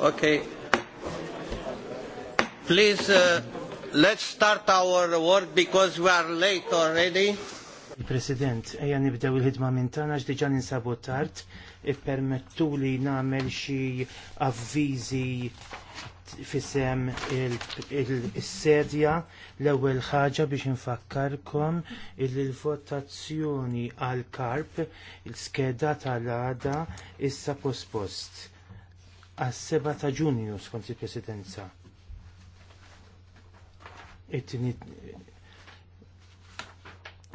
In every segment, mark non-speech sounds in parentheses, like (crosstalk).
Okay. Please, uh, let's start our work because we are late already. Il-President, eja nibdew il-ħidma minn tagħna x'diġà ninsabu tard, ippermettu li nagħmel xi avviżi fisem il-sedja l-ewwel ħaġa biex infakkarkom il-votazzjoni għal karp il-skeda tal-għada issa pospost għas-7 ta' Ġunju skont il-Presidenza.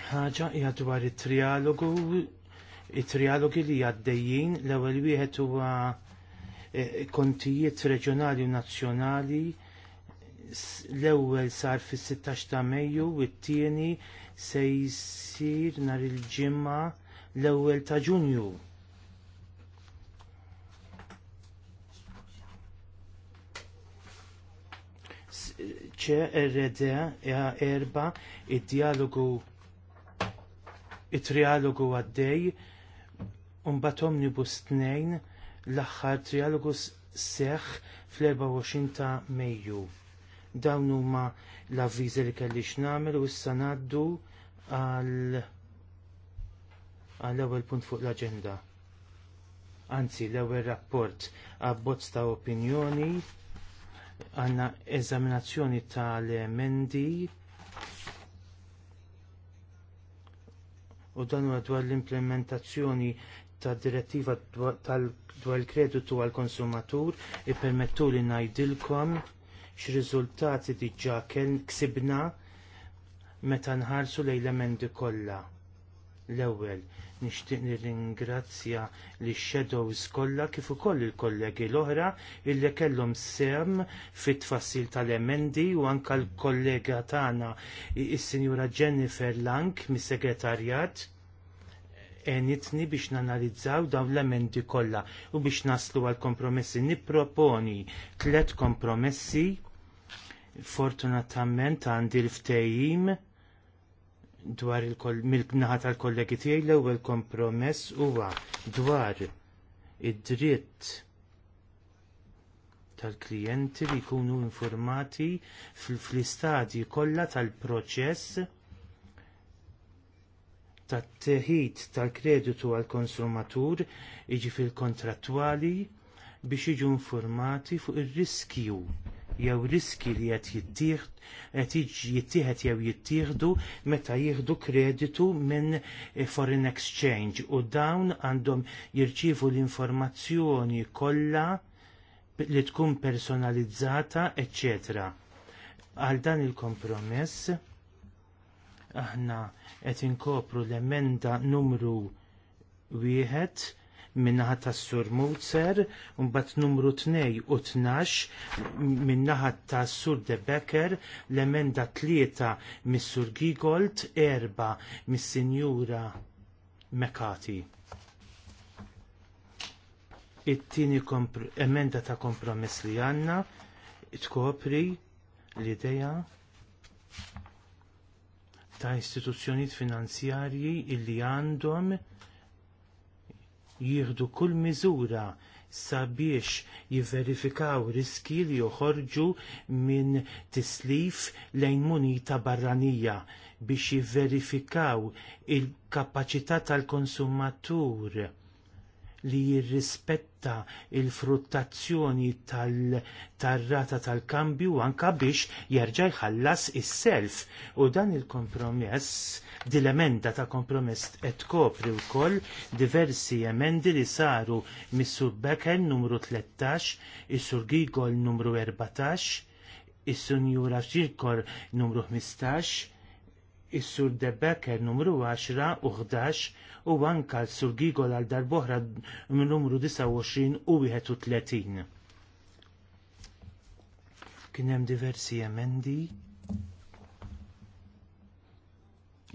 ħaġa hija dwar it-trialogu it-trialogi li għaddejjin l-ewwel wieħed huwa E, e, kontijiet reġjonali u nazzjonali l-ewwel sar fis-16 ta' Mejju u t-tieni se jsir nhar il-ġimgħa l-ewwel ta' Ġunju. ċe RD erba id-dialogu it-trialogu għaddej un batom omnibus tnejn l-aħħar trialogu seħħ fl-24 ta' Mejju. Dawn huma l-avviżi li kelli nagħmel u issa ngħaddu għal għall-ewwel punt fuq l-aġenda. Anzi, l-ewwel rapport abbozz ta' opinjoni għandna eżaminazzjoni tal-emendi u dan huwa dwar l-implementazzjoni tad direttiva dwar il-kreditu għall konsumatur ippermettu li ngħidilkom x'riżultati diġà kien ksibna meta nħarsu lejn l-emendi kollha. L-ewwel nixtieq nirringrazzja lix shadows kollha kif ukoll il-kollegi l-oħra illi kellhom sem fit-tfassil tal-emendi u anke l-kollega tagħna is-Sinjura Jennifer Lang mis-Segretarjat enitni biex nanalizzaw dawn l-emendi kollha u biex naslu għal kompromessi. Nipproponi tliet kompromessi fortunatament għandi l-ftejim dwar il-naħa tal-kollegi tiegħi l-ewwel kompromess huwa dwar id-dritt tal-klijenti li jkunu informati fl-istadji kollha tal-proċess ta' teħid tal-kreditu għall konsumatur iġi fil-kontrattwali biex jiġu informati fuq ir riskju jew riski li qed jittieħed jew jittieħdu meta jieħdu kreditu minn eh, foreign exchange u dawn għandhom jirċievu l-informazzjoni kollha li tkun personalizzata, eċċetera. Għal dan il-kompromess aħna qed inkopru l-emenda numru wieħed minnaħa tas sur Mutzer, mbagħad numru tnej u tnax minnaħa tas sur De Becker, l-emenda tlieta mis-sur Gigolt, erba mis-sinjura Mekati. It-tieni emenda ta' kompromess li għandna tkopri l-idea ta' istituzzjonijiet finanzjarji illi għandhom jieħdu kull miżura sabiex jiverifikaw riski li joħorġu minn tislif lejn munita barranija biex jiverifikaw il kapaċità tal-konsumatur li jirrispetta il-fruttazzjoni tal-rata tal-kambju anka biex jerġa' jħallas is-self u dan il-kompromess dil-emenda ta' kompromess qed tkopri wkoll diversi emendi li saru mis-sur Becker numru 13, is-sur Gigol numru 14, is-sunjura Xirkor numru 15, Is-sur Debecker numru 10 u 11 u anka s-sur Gigol għal darboħra numru 29 u 31. Kien hemm diversi emendi.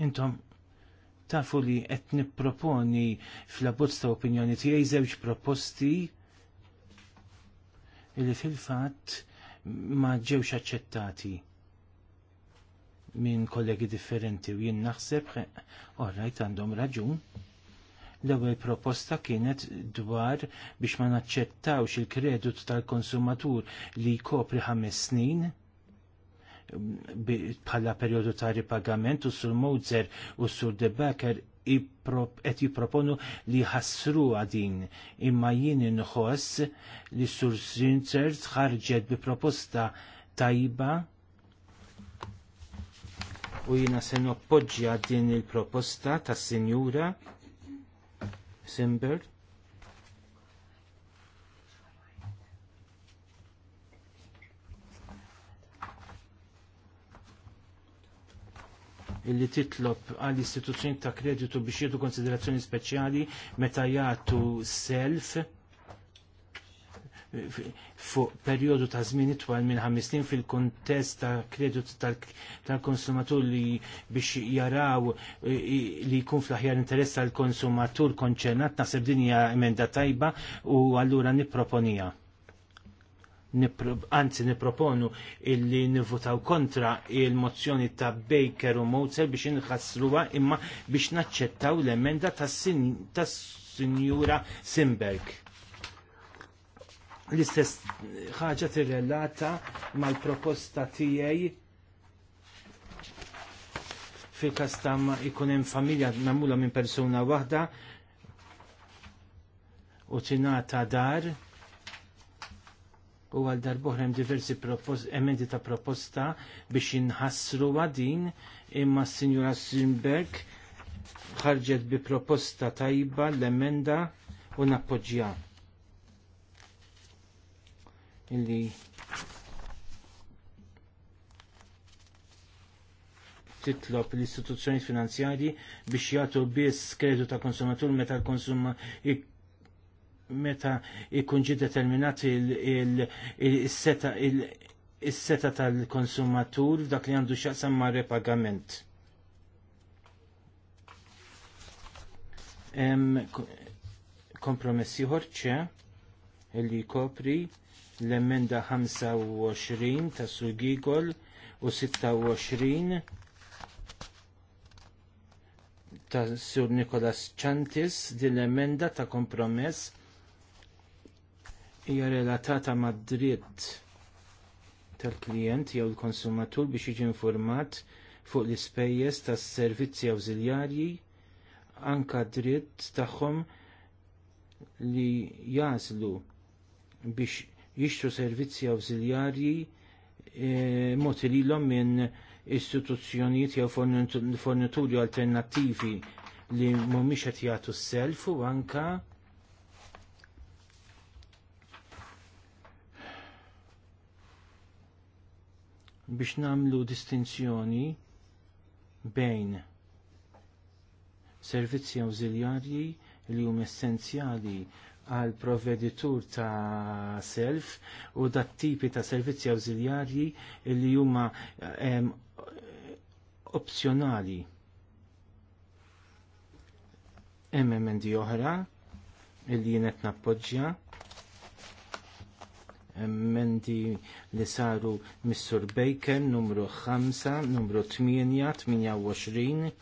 Intom tafu li qed nipproponi fl-abbozz ta' opinjoni tiegħi żewġ proposti li fil-fatt ma ġewx aċċettati minn kollegi differenti u jien naħseb orrajt għandhom raġun. L-ewwel proposta kienet dwar biex ma naċċettawx il-kredut tal-konsumatur li jkopri ħames snin um, bħala perjodu ta' ripagament u sur Mozer u sur Debaker qed jipproponu li ħassru għadin imma jien inħoss li sur Sinzer tħarġet bi proposta tajba u jina se noppoġġja din il-proposta tas sinjura Simber. illi titlob għall istituzzjoni ta' kreditu biex jiedu konsiderazzjoni speċjali meta jagħtu self fuq perjodu ta' żmien itwal minn ħames snin fil-kuntest ta' kredit tal-konsumatur li biex jaraw e, e, li jkun fl-aħjar interess tal-konsumatur konċernat naħseb din hija emenda tajba u allura nipproponija. Anzi, niproponu illi nivvotaw kontra il-mozzjoni ta' Baker u Mozer biex inħassruha imma biex naċċettaw l-emenda tas-sinjura Simberg l-istess ħaġa tirrelata mal-proposta tiegħi fil każ ta' ikun hemm familja magħmula minn persuna waħda u tingħata dar u għal darbohra hemm diversi emendi ta' proposta biex inħassru għadin imma s-Sinjura Sinberg ħarġet bi proposta tajba l-emenda u nappoġġja illi titlob l-istituzzjoni finanzjarji biex jagħtu biss kreditu ta' konsumatur meta l-konsum meta ikun ġi determinat il-seta tal-konsumatur dak li għandu xaqsam ma' repagament. Kompromessi ħorċe eh, li kopri l-emenda 25 ta' Sugigol u 26 ta' Sur Nikolas Ċantis din l-emenda ta' kompromess hija relatata mad dritt tal-klijent jew l-konsumatur biex jiġi informat fuq l-ispejjeż tas-servizzi awżiljarji anka dritt tagħhom li jażlu biex jixtru servizzi awżiljarji e, mod ililhom minn istituzzjonijiet jew fornituri alternattivi li mhumiex qed jagħtu s-self u anka biex nagħmlu distinzjoni bejn servizzi awżiljarji li huma essenzjali għal proveditur ta' self u dat tipi ta' servizzi awżiljarji li huma opzjonali. Hemm emendi oħra li jien qed nappoġġja emmendi li saru Mr. Bacon numru 5, numru 8, 28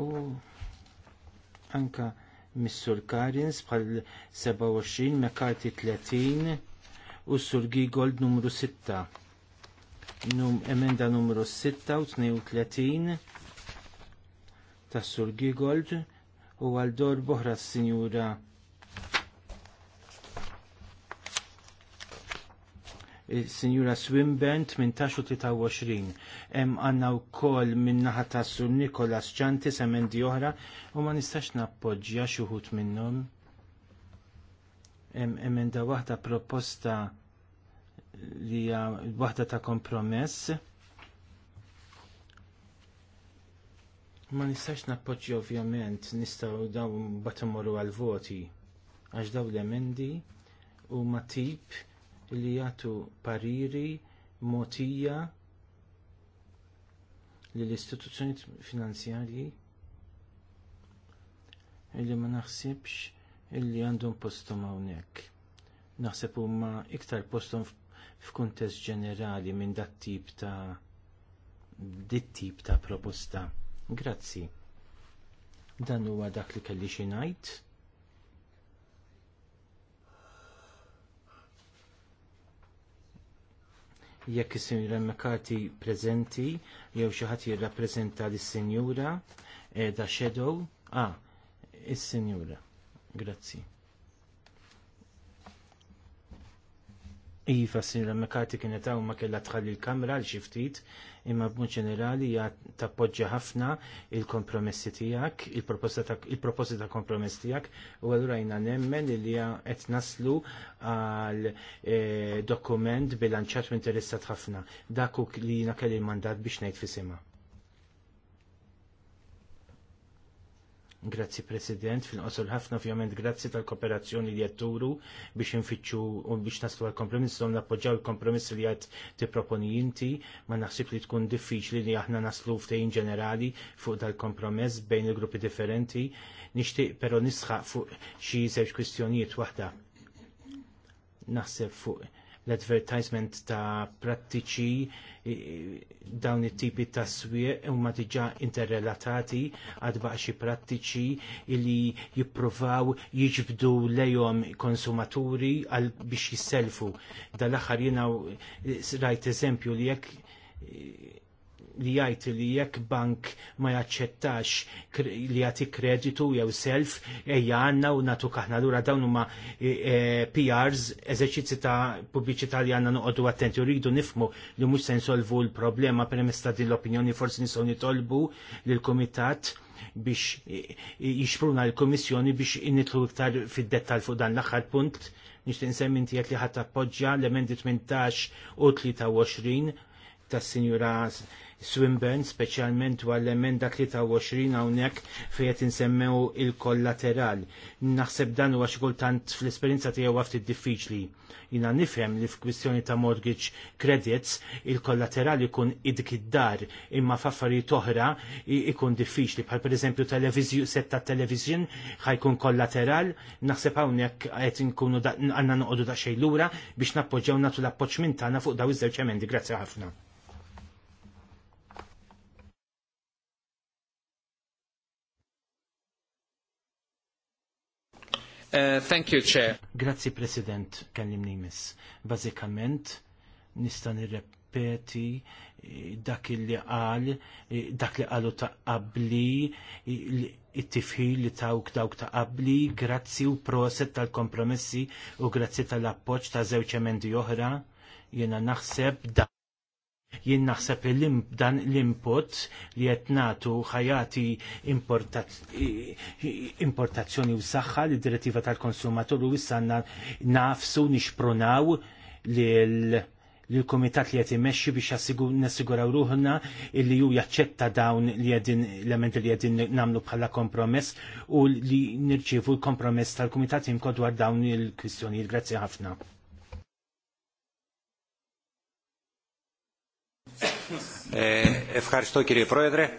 u anka mis-Sur Karins bħal 27, Mekati 30 u Sur Gigold numru 6. Num, emenda numru 6 u 32 tas Sur Gigold u għal dor boħra s-Sinjura Sinjura Swimben 18-23. Hemm għandna wkoll min-naħa ta' Sur Nikolas Ċanti di oħra u ma nistax nappoġġja xi wħud minnhom. Hemm emenda waħda proposta li hija waħda ta' kompromess. Ma nistax nappoġġja ovvjament nistgħu daw batamoru imorru għal-voti għax daw l-emendi huma tip li jagħtu pariri mogħtija lill istituzzjoni finanzjarji illi ma naħsibx illi għandhom postom hawnhekk. Naħseb huma iktar postom f'kuntest ġenerali minn dat tip ta' dit tip ta' proposta. Grazzi. Dan huwa dak li kelli xi ngħid. jekk is-Sinjura Mekati preżenti jew xi ħadd jirrappreżenta lis-Sinjura eh, da Shadow. Ah, is-Sinjura. Grazzi. Iva, Sinjura Mekati kienet hawn ma kellha tħalli l-kamra għal xi ftit imma b'mod ġenerali hija tappoġġja ħafna il-kompromessi tiegħek, il-proposti ta' kompromess tiegħek u allura jina nemmen li qed naslu għal eh, dokument bilanċat u interessat ħafna. Dak li jina kelli mandat biex ngħid fisimha. Grazzi President, fil-qosol ħafna ovvjament grazzi tal-kooperazzjoni li jatturu biex infittxu u biex naslu għal-kompromiss, l nappoġġaw il-kompromiss li għad t-proponi jinti, ma naħsib li tkun diffiċli li aħna naslu ftejn ġenerali fuq dal-kompromess bejn il-gruppi differenti, nishtiq pero nisħaq fuq xi żewġ kwistjonijiet waħda. Naħseb fuq l-advertisement ta' prattiċi dawn it-tipi ta' swieq huma diġà interrelatati għad xi prattiċi li jippruvaw jiġbdu lejhom konsumaturi għal biex jisselfu. Dal-aħħar jiena rajt eżempju li jekk li jgħid li jekk bank ma jaċċettax li jagħti kreditu jew self ejja għandna u natu kaħna lura dawn huma e, e, PRs eżerċizzi ta' pubbliċità li għandna noqogħdu attenti u rridu nifmu li mhux se nsolvu l-problema permezz ta' din l-opinjoni forsi nistgħu nitolbu lill-kumitat biex e, jixpruna l-Komissjoni biex initlu iktar fid-dettal fuq dan l-aħħar punt nixtieq insemmi inti li ħadd appoġġja l-emendi 18 u 23 tas-Sinjura Swinburne, speċjalment dwar l-emenda 23 hawnhekk fejn qed insemmew il-kollateral. Naħseb dan huwa xi kultant fl-esperjenza tiegħu ftit diffiċli. Jina nifhem li f'kwistjoni ta' mortgage credits il-kollateral ikun idik id-dar imma f'affarijiet oħra ikun diffiċli bħal per televizju set ta' television ħajkun kollateral naħseb hawnhekk qed inkunu għandna noqogħdu da' lura biex nappoġġaw nagħtu l-appoġġ minn tagħna fuq daw iż-żewġ emendi. Grazie ħafna. Uh, thank you, Chair. Grazzi, President, kellimni nimes. Bazzikament, nista nirrepeti eh, dak li qal, eh, dak li qalu ta' qabli, it-tifħil li tawk dawk ta' qabli, grazzi u proset tal-kompromessi u grazzi tal-appoċ ta' zewċ emendi oħra, jena naħseb da' Jien naħseb li dan l-input li qed nagħtu ħajati importazzjoni u saħħa li direttiva tal-konsumatur u issa nafsu nixpronaw li l-komitat li qed imexxi biex nassiguraw ruħna li ju jaċċetta dawn li qegħdin l-element li qegħdin nagħmlu bħala kompromess u li nirċievu l-kompromess tal-kumitat imkod dwar dawn il-kwistjonijiet. Grazzi ħafna. Ε, ευχαριστώ κύριε Πρόεδρε.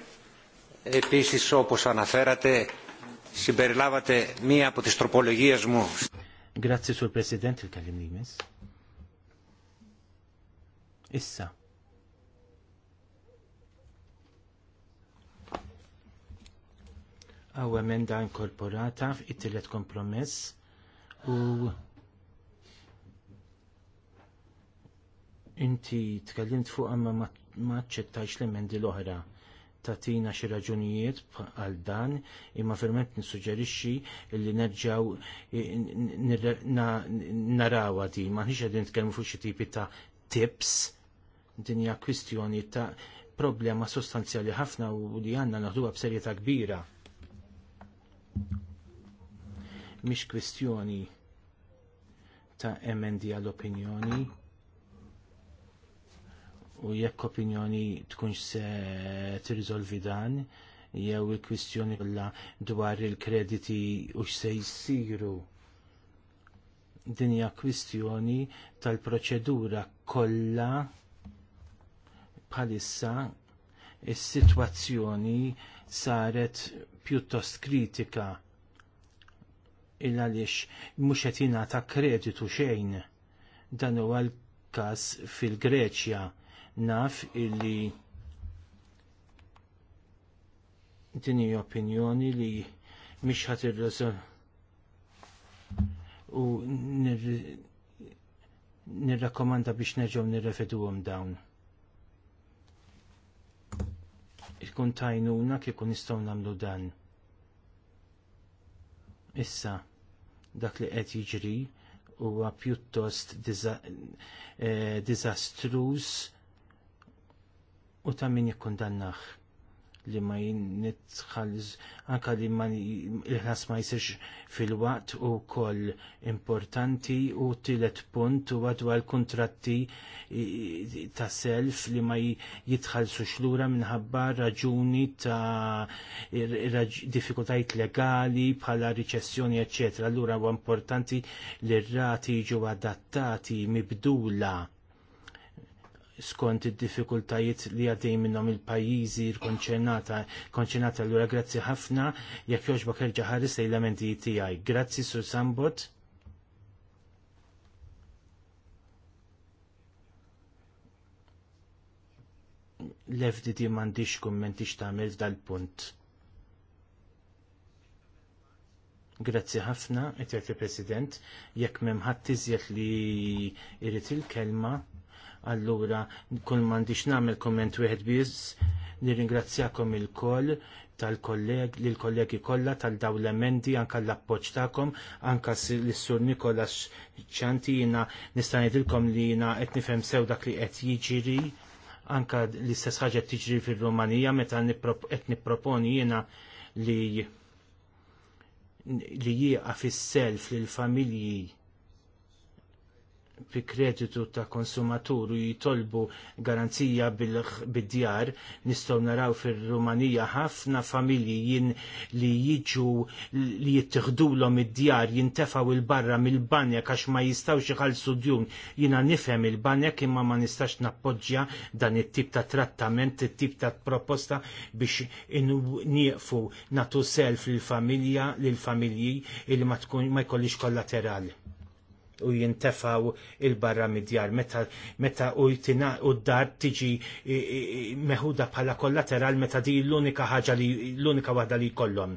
Επίσης όπως αναφέρατε συμπεριλάβατε μία από τις τροπολογίες μου. Grazie sul Presidente il Kalimimis. Issa. Għaw emenda inkorporata f'it-tielet kompromess u inti tkellimt fuq ma ma ċettajx l-emendi l-oħra tina xi raġunijiet għal dan imma ferment nissuġġerixxi li nerġgħu narawha di m'aħniex qegħdin nitkellmu fuq xi tipi ta' tips din hija kwistjoni ta' problema sostanzjali ħafna u li għandna naħduha b'serjetà kbira. Mhix kwistjoni ta' emendi għall opinjoni u jekk opinjoni tkunx se tirriżolvi dan jew il-kwistjoni kollha dwar il-krediti u x'se jsiru. Din hija kwistjoni tal-proċedura kollha bħalissa is-sitwazzjoni saret pjuttost kritika il għaliex mhux qed jingħata kreditu xejn dan huwa l-każ fil-Greċja naf illi dini opinjoni li mhix il irreżol u nirrakkomanda biex nerġgħu nirrefeduhom dawn. Ikun tajnuna kif nistgħu nagħmlu dan. Issa dak li qed jiġri huwa pjuttost eh, diżastruż u ta' min jikkundannaħ li ma jinnitħalż anka li ma il ma jisirx fil-waqt u koll importanti u tillet punt u għadwa l-kontratti ta' self li ma jitħalsu xlura minħabba raġuni ta' diffikultajt legali bħala riċessjoni ecc. Allura huwa importanti li r-rati jiġu adattati mibdula skont id-diffikultajiet li għaddej minnhom il-pajjiżi konċernata l allura grazzi ħafna jekk jogħġbok erġa' ħares lejn l-elementi tiegħi. Grazzi Sur Sambot. Lefdi di m'għandix kummenti x'tagħmel dal punt Grazzi ħafna, qed President, jekk m'hemm ħadd iżjed li jrid il-kelma Allura, kull diċ namel komment wieħed biss, nirringrazzjakom il-koll tal-kolleg, l-kollegi kollha tal-daw l-emendi, anka l-appoċ tagħkom, anka l-sur Nikola ċanti jina nistanetilkom li jina qed nifhem sew dak li qed jiġri, anka l-istess ħaġa tiġri fir-Rumanija meta qed nipproponi jiena li li jieqa fis-self lill familji fi kreditu ta' konsumaturu jitolbu garanzija bil-djar, nistgħu naraw fir-Rumanija ħafna familji jien li jiġu li l-om id-djar jintefaw il-barra mill banja għax ma jistgħux iħallsu djun. jina nifhem il banja imma ma nistax nappoġġja dan it-tip ta' trattament, it-tip ta' proposta biex nieqfu natu self lill-familja lill-familji li ma jkollix kollaterali u jintefaw il-barra midjar meta, meta u jtina u d-dar tiġi meħuda bħala kollateral meta di l-unika ħaġa li l-unika waħda li kollon.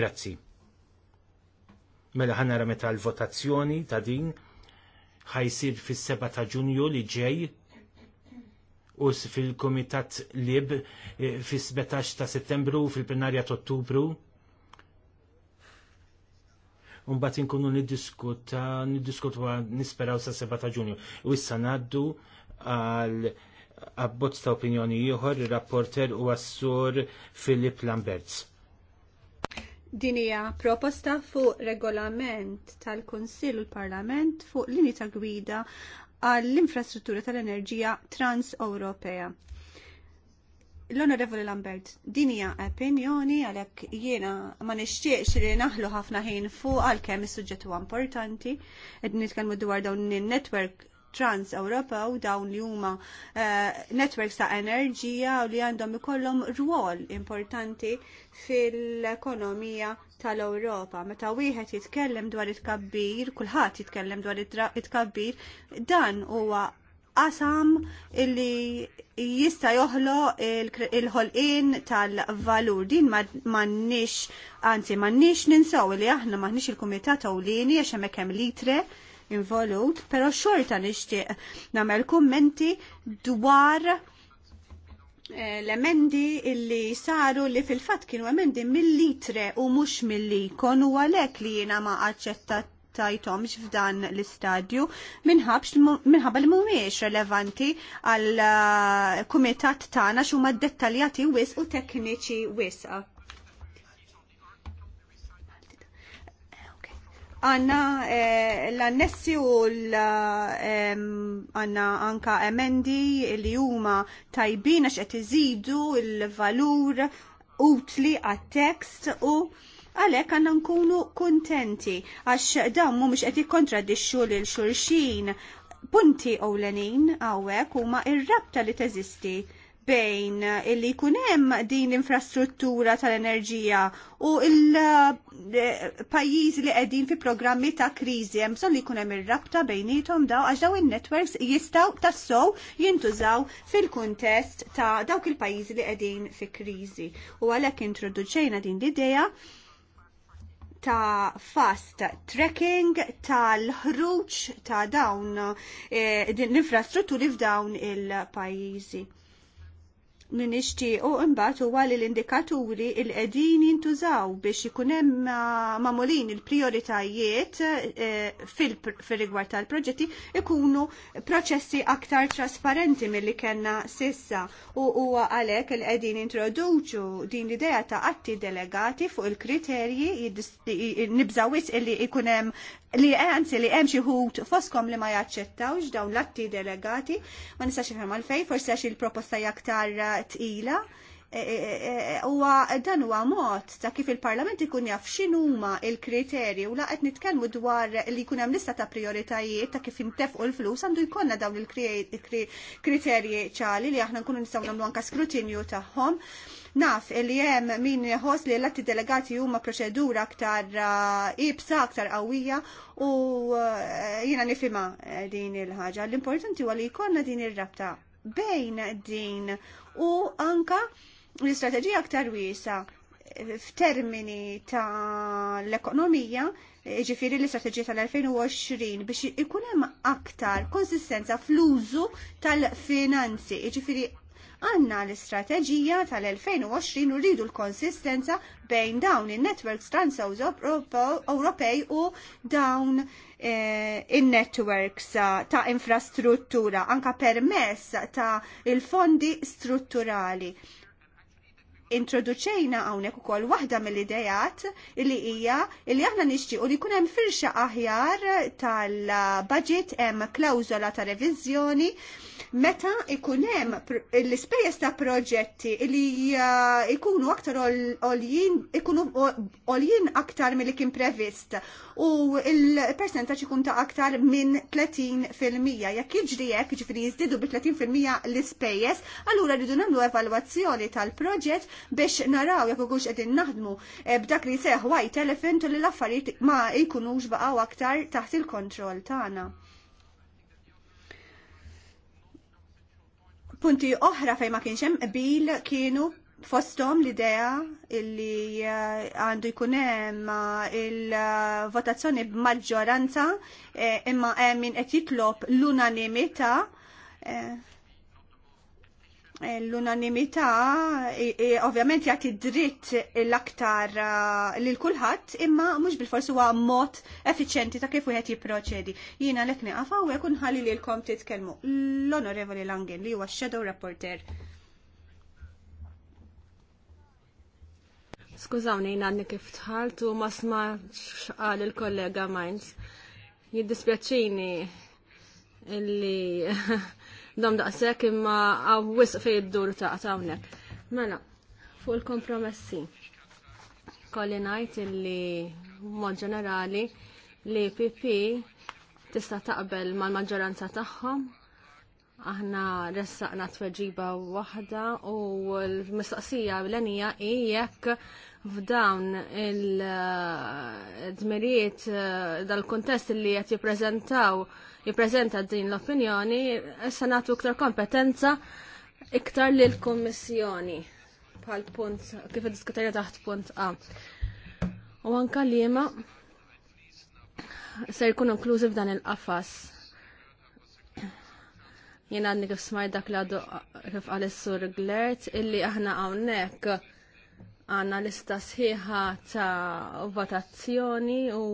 Grazzi. Mela ħanara meta l-votazzjoni ta' din ħajsir fis-7 ta' Ġunju li ġej u fil-Komitat Lib eh, fis-17 ta' Settembru u fil-Plenarja ta' Ottubru bat inkunu niddiskuta, niddiskutwa nisperaw sa' 7 ta' ġunju. U issa naddu għal abbozz ta' opinjoni ieħor ir-rapporter u għassur Filip Lamberts. Din hija proposta fuq regolament tal-Kunsill u l-Parlament fuq l-ini ta' gwida għall-infrastruttura tal-enerġija trans-Ewropea. L-Onorevoli Lambert, din hija opinjoni għalhekk jiena ma nixtieqx li naħlu ħafna ħin fuq għalkemm is-suġġett huwa importanti, qed nitkellmu dwar dawn in-network trans u dawn li huma uh, networks ta' enerġija u li għandhom ikollhom rwol importanti fil-ekonomija tal-Ewropa. Meta wieħed jitkellem dwar it-kabbir, kulħadd jitkellem dwar it-kabbir, dan huwa qasam illi jista joħlo il-ħolqin il ħolqin tal valur din mannix, anzi mannix ninsaw li aħna mannix il-komitat awlini għax hemmhekk hemm litre involut, però xorta nixtieq nagħmel kummenti dwar eh, l-emendi illi saru li fil-fat kienu emendi mill-litre u mhux mill li konu għalek li jiena ma aċċettat tajtomx f'dan l-istadju minħabba li mhumiex relevanti għal uh, kumitat tagħna x'huma dettaljati wis u tekniċi wis. għanna eh, l-annessi u għanna eh, anka emendi li huma tajbin għax qed iżidu l-valur utli għat-tekst u Għalek għanna nkunu kontenti għax dawn mhumiex qed jikkontradixxu lil xulxin. Punti ewlenin hawnhekk huma r rabta li teżisti bejn illi jkun hemm din l-infrastruttura tal-enerġija u l-pajjiż eh, li qegħdin fi programmi ta' kriżi hemm bżonn li jkun hemm ir-rabta bejnietom daw għax daw in-networks jistgħu tassow jintużaw fil-kuntest ta' dawk il-pajjiżi li qegħdin fi kriżi. U għalhekk introduċejna din l-idea ta' fast tracking tal-ħruġ ta' dawn eh, din l-infrastrutturi f'dawn il-pajjiżi nixtiequ imbagħad huwa li l-indikaturi l qegħdin jintużaw biex ikun hemm magħmulin il prijoritajiet eh, fir rigward tal-proġetti ikunu proċessi aktar trasparenti milli kellna sissa u huwa għalhekk il qegħdin introduċu din l-idea ta' atti delegati fuq il-kriterji nibżawis illi ikun hemm li għanzi eh, li hemm xi foskom li ma jaċċettawx dawn l-atti delegati, ma nistax ifhem għalfej, forsi għax il-proposta jaktar eh, tqila. Eh, u dan huwa mod ta' kif il-Parlament ikun jaf x'inhuma il-kriterji u laqgħet nitkellmu dwar li jkun hemm lista ta' prioritajiet ta' kif intefqu l-flus għandu jkollna dawn il-kriterji ċali li aħna nkunu nistgħu nagħmlu anke skrutinju tagħhom Naf li hemm min jħos li l-atti delegati huma proċedura aktar eh, ibsa, aktar qawwija u eh, jiena nifhimha eh, din il-ħaġa. L-importanti huwa li jkollna din ir-rabta bejn din u anka l-istrateġija aktar wiesa f'termini ta' l-ekonomija, ġifiri l-istrateġija tal-2020 biex ikun hemm aktar konsistenza fl-użu tal-finanzi, ġifiri Għanna l-istrateġija tal-2020 u rridu l-konsistenza bejn dawn il networks trans-Ewropej u dawn E, in-networks ta' infrastruttura, anka permess ta' il-fondi strutturali. Introduċejna hawnhekk ukoll waħda mill-idejat li hija li aħna nixtiequ li jkun hemm firxa aħjar tal-budget hemm klawzola ta' reviżjoni Meta ikun hemm l-ispejjeż ta' proġetti li jkunu uh, aktar oljin ikunu oljin aktar milli kien previst u il percentaċ ikun ta' aktar minn 30 fil-mija. Jekk jiġri hekk, ġifri jiżdiedu bi 30 fil-mija l-ispejjeż, allura rridu nagħmlu evalwazzjoni tal-proġett biex naraw jekk ikux qegħdin naħdmu eh, b'dak li seħ white elephant li l-affarijiet ma jkunux baqgħu aktar taħt il-kontroll tagħna. Punti oħra fej ma kienx hemm qbil kienu fostom l-idea illi eh, għandu jkun hemm eh, il-votazzjoni b'maġġoranza eh, imma hemm min qed jitlob l-unanimità l-unanimità ovvjament jagħti dritt l-aktar eh, lil kulħadd imma mhux bil-fors huwa mod effiċjenti ta' kif wieħed jipproċedi. Jiena lek nieqaf hawnhekk unħalli lilkom titkellmu. L-Onorevoli Langen li huwa shadow rapporter. Skużawni għadni kif tħalt u ma smax qal il-kollega Mainz. Jiddispjaċini illi (laughs) dom daqsek imma għaw fej id-dur ta' tawnek. Mela, fuq il-kompromessi. Kolli najt li mod ġenerali li PP tista taqbel mal-maġġoranza tagħhom aħna ressaqna tweġiba waħda u l-mistoqsija l-enija jekk f'dawn il-dmiriet eh, dal-kontest li qed jippreżentaw jippreżenta din l-opinjoni, s nagħtu iktar kompetenza iktar l kummissjoni pal punt kif diskutajna taħt punt A. U anka li ma se jkun inklużi f'dan il-qafas. Jien għadni kif smaj dak li għadu kif għal-sur Glert illi aħna hawnhekk għanna lista sħiħa ta' votazzjoni u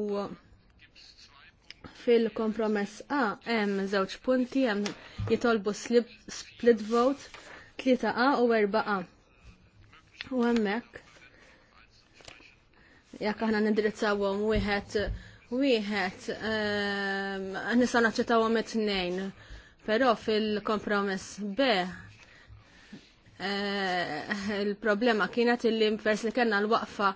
Fil-kompromess A hemm żewġ punti hemm jitolbu split vote 3A u 4A. U hemmhekk jekk aħna nindirizzawhom wieħed wieħed ehm, nisa naċċettawhom it-tnejn. Però fil-kompromess B eh, il-problema kienet illi pers li kellna l-waqfa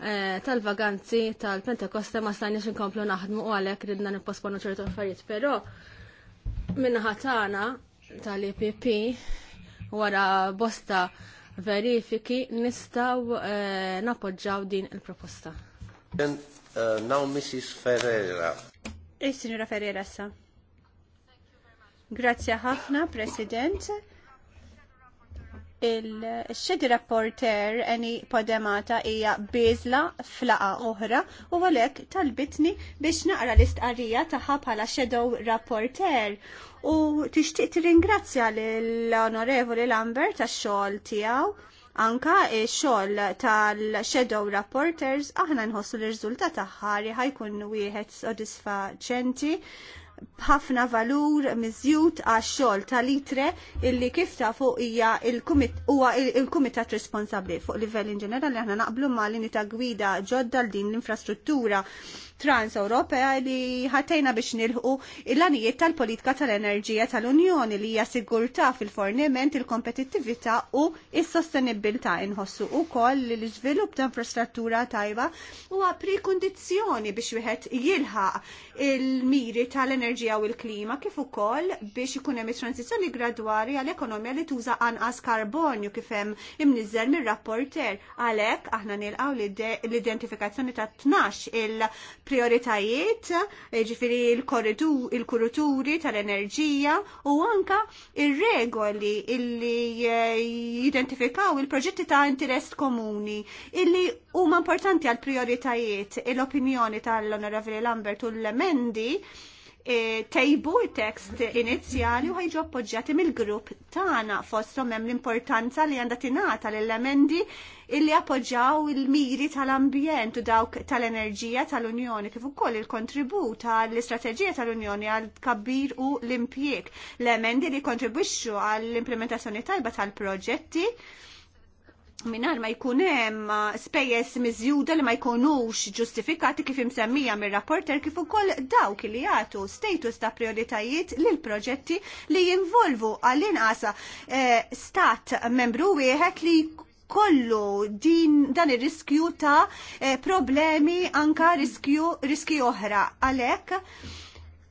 Eh, tal-vaganzi tal-Pentekoste ma stajniex inkomplu naħdmu u għalek ridna nipposponu ċertu affarijiet, però minna tagħna tal-IPP wara bosta verifiki nistgħu eh, nappoġġaw din il-proposta. Eh, now Mrs. Ferreira. Is-Sinjura Ferreira sa. Grazie ħafna, President il-xedi rapporter eni podemata hija bizla flaqa oħra u għalek talbitni biex naqra l-istqarrija taħħa bħala shadow rapporter u tixtieq ringrazzja l-onorevoli Lambert tax-xogħol tiegħu anka xogħol tal-shadow rapporters aħna nħossu l-riżultat aħħari ħajkun wieħed sodisfaċenti ħafna valur miżjud għax xogħol tal-itre illi kif ta' fuq hija huwa il-kumitat responsabbli fuq livell in ġenerali aħna naqblu ma' linji ta' gwida ġodda l din l-infrastruttura trans Ewropea li ħatejna biex nilħu il-lanijiet tal-politika tal-enerġija tal-Unjoni li hija sigurtà fil-forniment, il-kompetittività u is-sostenibilità inħossu ukoll li l-iżvilupp ta' infrastruttura tajba huwa kondizjoni biex wieħed jilħaq il-miri tal-enerġija u l-klima kif ukoll biex ikun hemm transizjoni gradwali għal ekonomija li tuża anqas karbonju kif hemm imniżżel mir-rapporter. Għalhekk aħna nilqgħu l-identifikazzjoni ta' 12 il prioritajiet, eh, ġifiri il-kuruturi tal-enerġija u anka il-regoli illi eh, jidentifikaw il-proġetti ta' interess komuni illi huma importanti għal prioritajiet il-opinjoni tal-Onorevoli Lambert u l-Mendi E, tejbu il-tekst inizjali u ħajġu appoġġati mill-grupp tagħna fosthom hemm l-importanza li għandha tingħata lill-emendi illi appoġġaw il-miri tal-ambjent u dawk tal-enerġija tal-Unjoni kif ukoll il-kontribut għall-istrateġija tal-Unjoni għal kabbir u l-impjieg. L-emendi li kontribwixxu għall-implementazzjoni tajba tal-proġetti minar ma jkunem uh, spejjeż mizjuda li ma jkunux ġustifikati kif imsemmija mir rapporter kif ukoll dawk li jagħtu status ta' prioritajiet lil proġetti li jinvolvu għall-inqas eh, stat membru wieħed li kollu din dan ir-riskju ta' eh, problemi anka riskju riski oħra. Għalhekk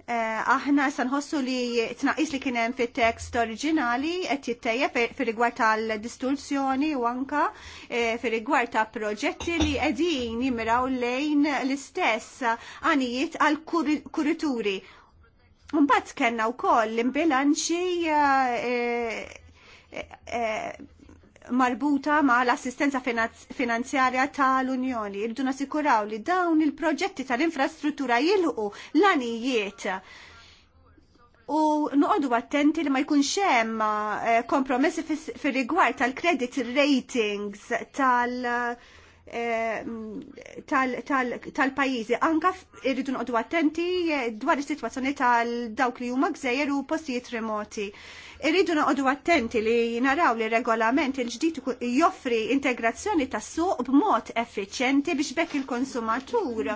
Eh, aħna sanħossu li tnaqis li kienem fit tekst oriġinali qed jittejja fir rigward tal-distorsjoni u anka eh, fir rigward ta' proġetti li qegħdin jimraw lejn l-istess għanijiet għal kurituri. Mbagħad kellna wkoll l-imbilanċi eh, marbuta ma l-assistenza finanzjarja tal-Unjoni. rridu nasikuraw li dawn il-proġetti tal-infrastruttura jilħu l-anijiet u nuqodu attenti li ma jkunx hemm eh, kompromessi fir-rigward tal-credit ratings tal- eh, tal-pajizi. Anka irridu noqdu attenti eh, dwar is-sitwazzjoni tal-dawk li huma gżejjer u postijiet remoti. Irridu noqogħdu attenti li naraw li regolament il-ġdid joffri integrazzjoni tas-suq b'mod effiċjenti biex bekk il-konsumatur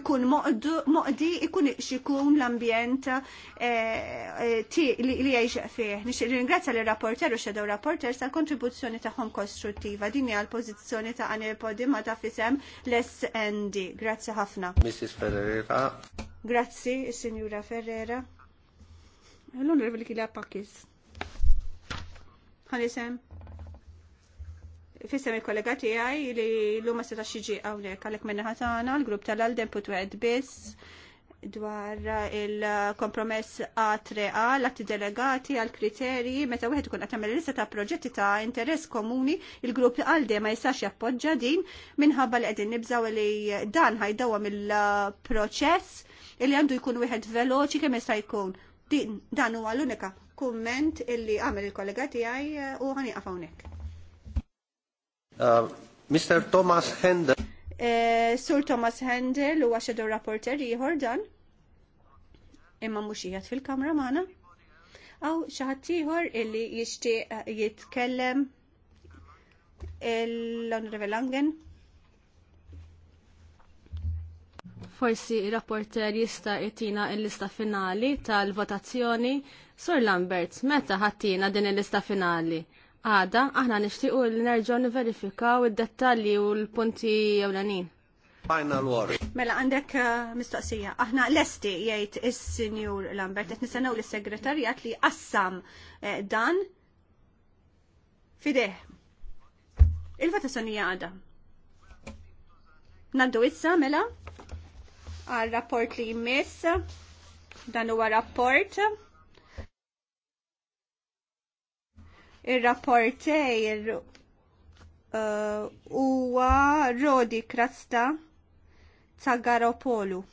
ikun moqdi ikun xikun l-ambjent eh, eh, li jgħix fih. Nixtieq ringrazzja lir rapporter u xedew rapporter tal-kontribuzzjoni tagħhom kostruttiva. Din hija l-pożizzjoni ta' Anil Podima ta' fisem l-SND. Grazzi ħafna. Mrs. Ferreira. Grazzi, Signora Ferreira. L-onorevoli Kila Pakis bħalisem fissem il-kollega tiegħi li l umma ma setax jiġi hawnhekk għalhekk minna ħatana l-grupp tal-Alden putwed biss dwar il-kompromess A3A l-atti delegati għal kriterji meta wieħed ikun qed tagħmel lista ta' proġetti ta' interess komuni il-grupp għalde ma jistax jappoġġa din minħabba li qegħdin nibżaw li dan ħajdawa mill-proċess illi għandu jkun wieħed veloċi kemm jista' jkun. Din dan huwa l-unika kumment illi għamel il-kollega tiegħi eh, u għani hawnhekk. Uh, Mr. Thomas Hendel. Uh, eh, Sur Thomas Handel huwa xedur rapporter ieħor dan. Imma mhux qiegħed fil-kamra maħna. Aw xi ħadd ieħor illi jixtieq eh, jitkellem l-Onorevole Langen. Forsi il-rapporter jista' jtina l-lista finali tal-votazzjoni Sur Lambert, meta ħattina din il-lista finali? Għada, aħna nixtiequ li nerġgħu niverifikaw id-dettalji u l-punti ewlenin. Final word. Mela għandek uh, mistoqsija. Aħna lesti jgħid is-Sinjur Lambert qed nisanaw l segretarjat li qassam eh, dan fideħ. Il-votazzjonija għada. Naddu issa mela għal rapport li jmiss dan huwa rapport Il-rapportej uh, huwa uh, Rodi Krasta Zagaropolu.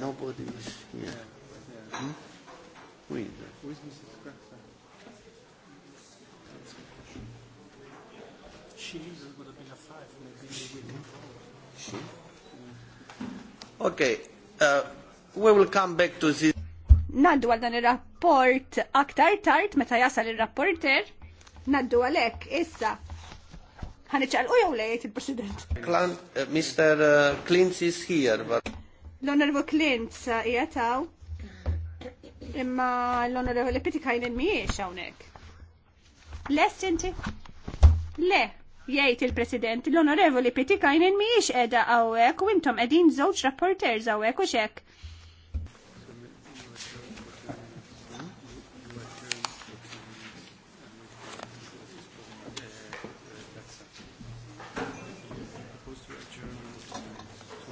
Nobody is here. Hmm? Who is that? She? Okay, uh, we will come back to this. Naddu għal dan il-rapport aktar tard meta jasal il-rapporter. Naddu għalek issa. u jew lejt il-President. Eh, Mr. Klintz eh, is here. But... L-Onorevole Klintz eh, jgħataw. Imma l-Onorevole Pitikajnen miex hawnhekk. Lest inti? Le, jgħid il-President, l-Onorevoli Pitikajnen miex edha għawek u intom edin żewġ rapporters għawek u xek.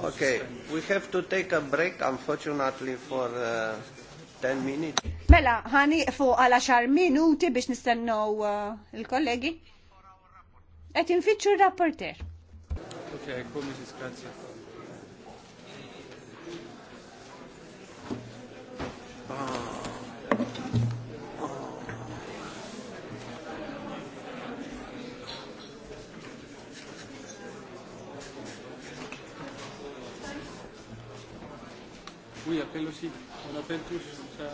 Okay, we have to take a break, unfortunately, for uh, 10 minutes. Mela, ħani fuq għala xar minuti biex uh, il-kollegi. Et infittxu il-rapporter. Okay, come si scazza. Ah. Oui, appelle aussi. On appelle tous. Ça...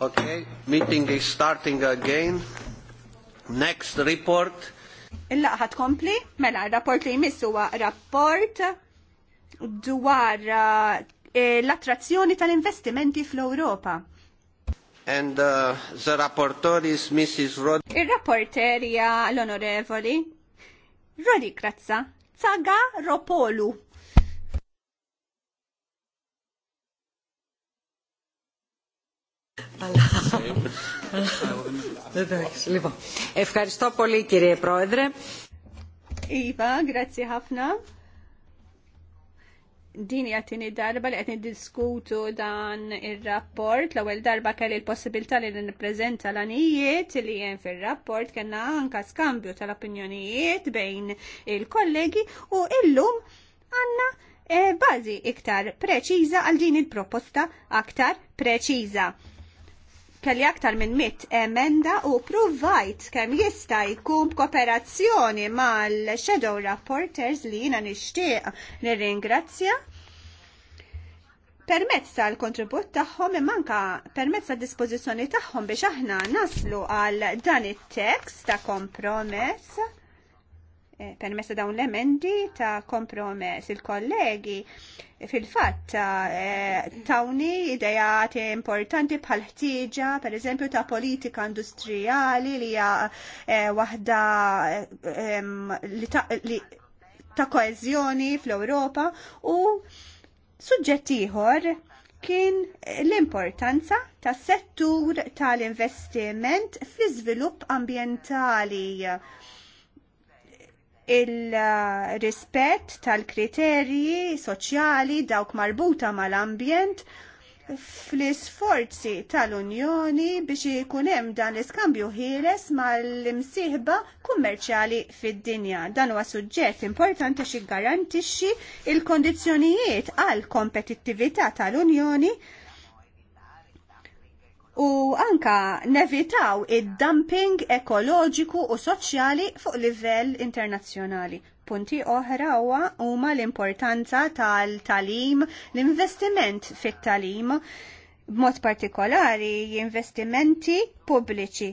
Okay, meeting is starting again. Next report. il ħat kompli, mela rapport li jmiss huwa rapport dwar eh, l-attrazzjoni tal-investimenti fl-Europa. And uh, the rapporteur is Mrs. Rod. Il-rapporterja l-onorevoli Rodi Krazza, Zaga Ropolu. ευχαριστώ πολύ κύριε Πρόεδρε. Iva, grazzi ħafna. Din jgħatini darba li għatni diskutu dan il-rapport. L-ewel darba kelli l-possibilità li n-prezenta l-anijiet li jen fil-rapport kena anka skambju tal-opinjonijiet bejn il-kollegi u illum għanna bazi iktar preċiża għal din il-proposta aktar preċiża kelli aktar minn mit emenda u provajt kemm jista' jkun kooperazzjoni mal-Shadow Rapporters li jiena nixtieq nirringrazzja permezz tal-kontribut tagħhom imma anke permezz tad-dispożizzjoni tagħhom biex aħna naslu għal dan it-tekst ta' kompromess Eh, permessa dawn l-emendi ta' kompromess il-kollegi fil-fatt eh, tawni idejat importanti bħal ħtieġa per eżempju ta' politika industrijali li hija eh, waħda ta' koeżjoni fl-Ewropa u suġġett ieħor kien l-importanza tas settur tal-investiment fl-iżvilupp ambjentali il-rispett tal-kriterji soċjali dawk marbuta mal-ambjent fl-isforzi tal-Unjoni biex ikun hemm dan l-iskambju ħieles mal-imsieħba kummerċjali fid-dinja. Dan huwa suġġett importanti xi garantixxi il-kondizzjonijiet għal kompetittività tal-Unjoni u anka nevitaw id-dumping ekoloġiku u soċjali fuq livell internazzjonali. Punti oħra huwa huma l-importanza tal-talim, l-investiment fit-talim, b'mod partikolari investimenti pubbliċi.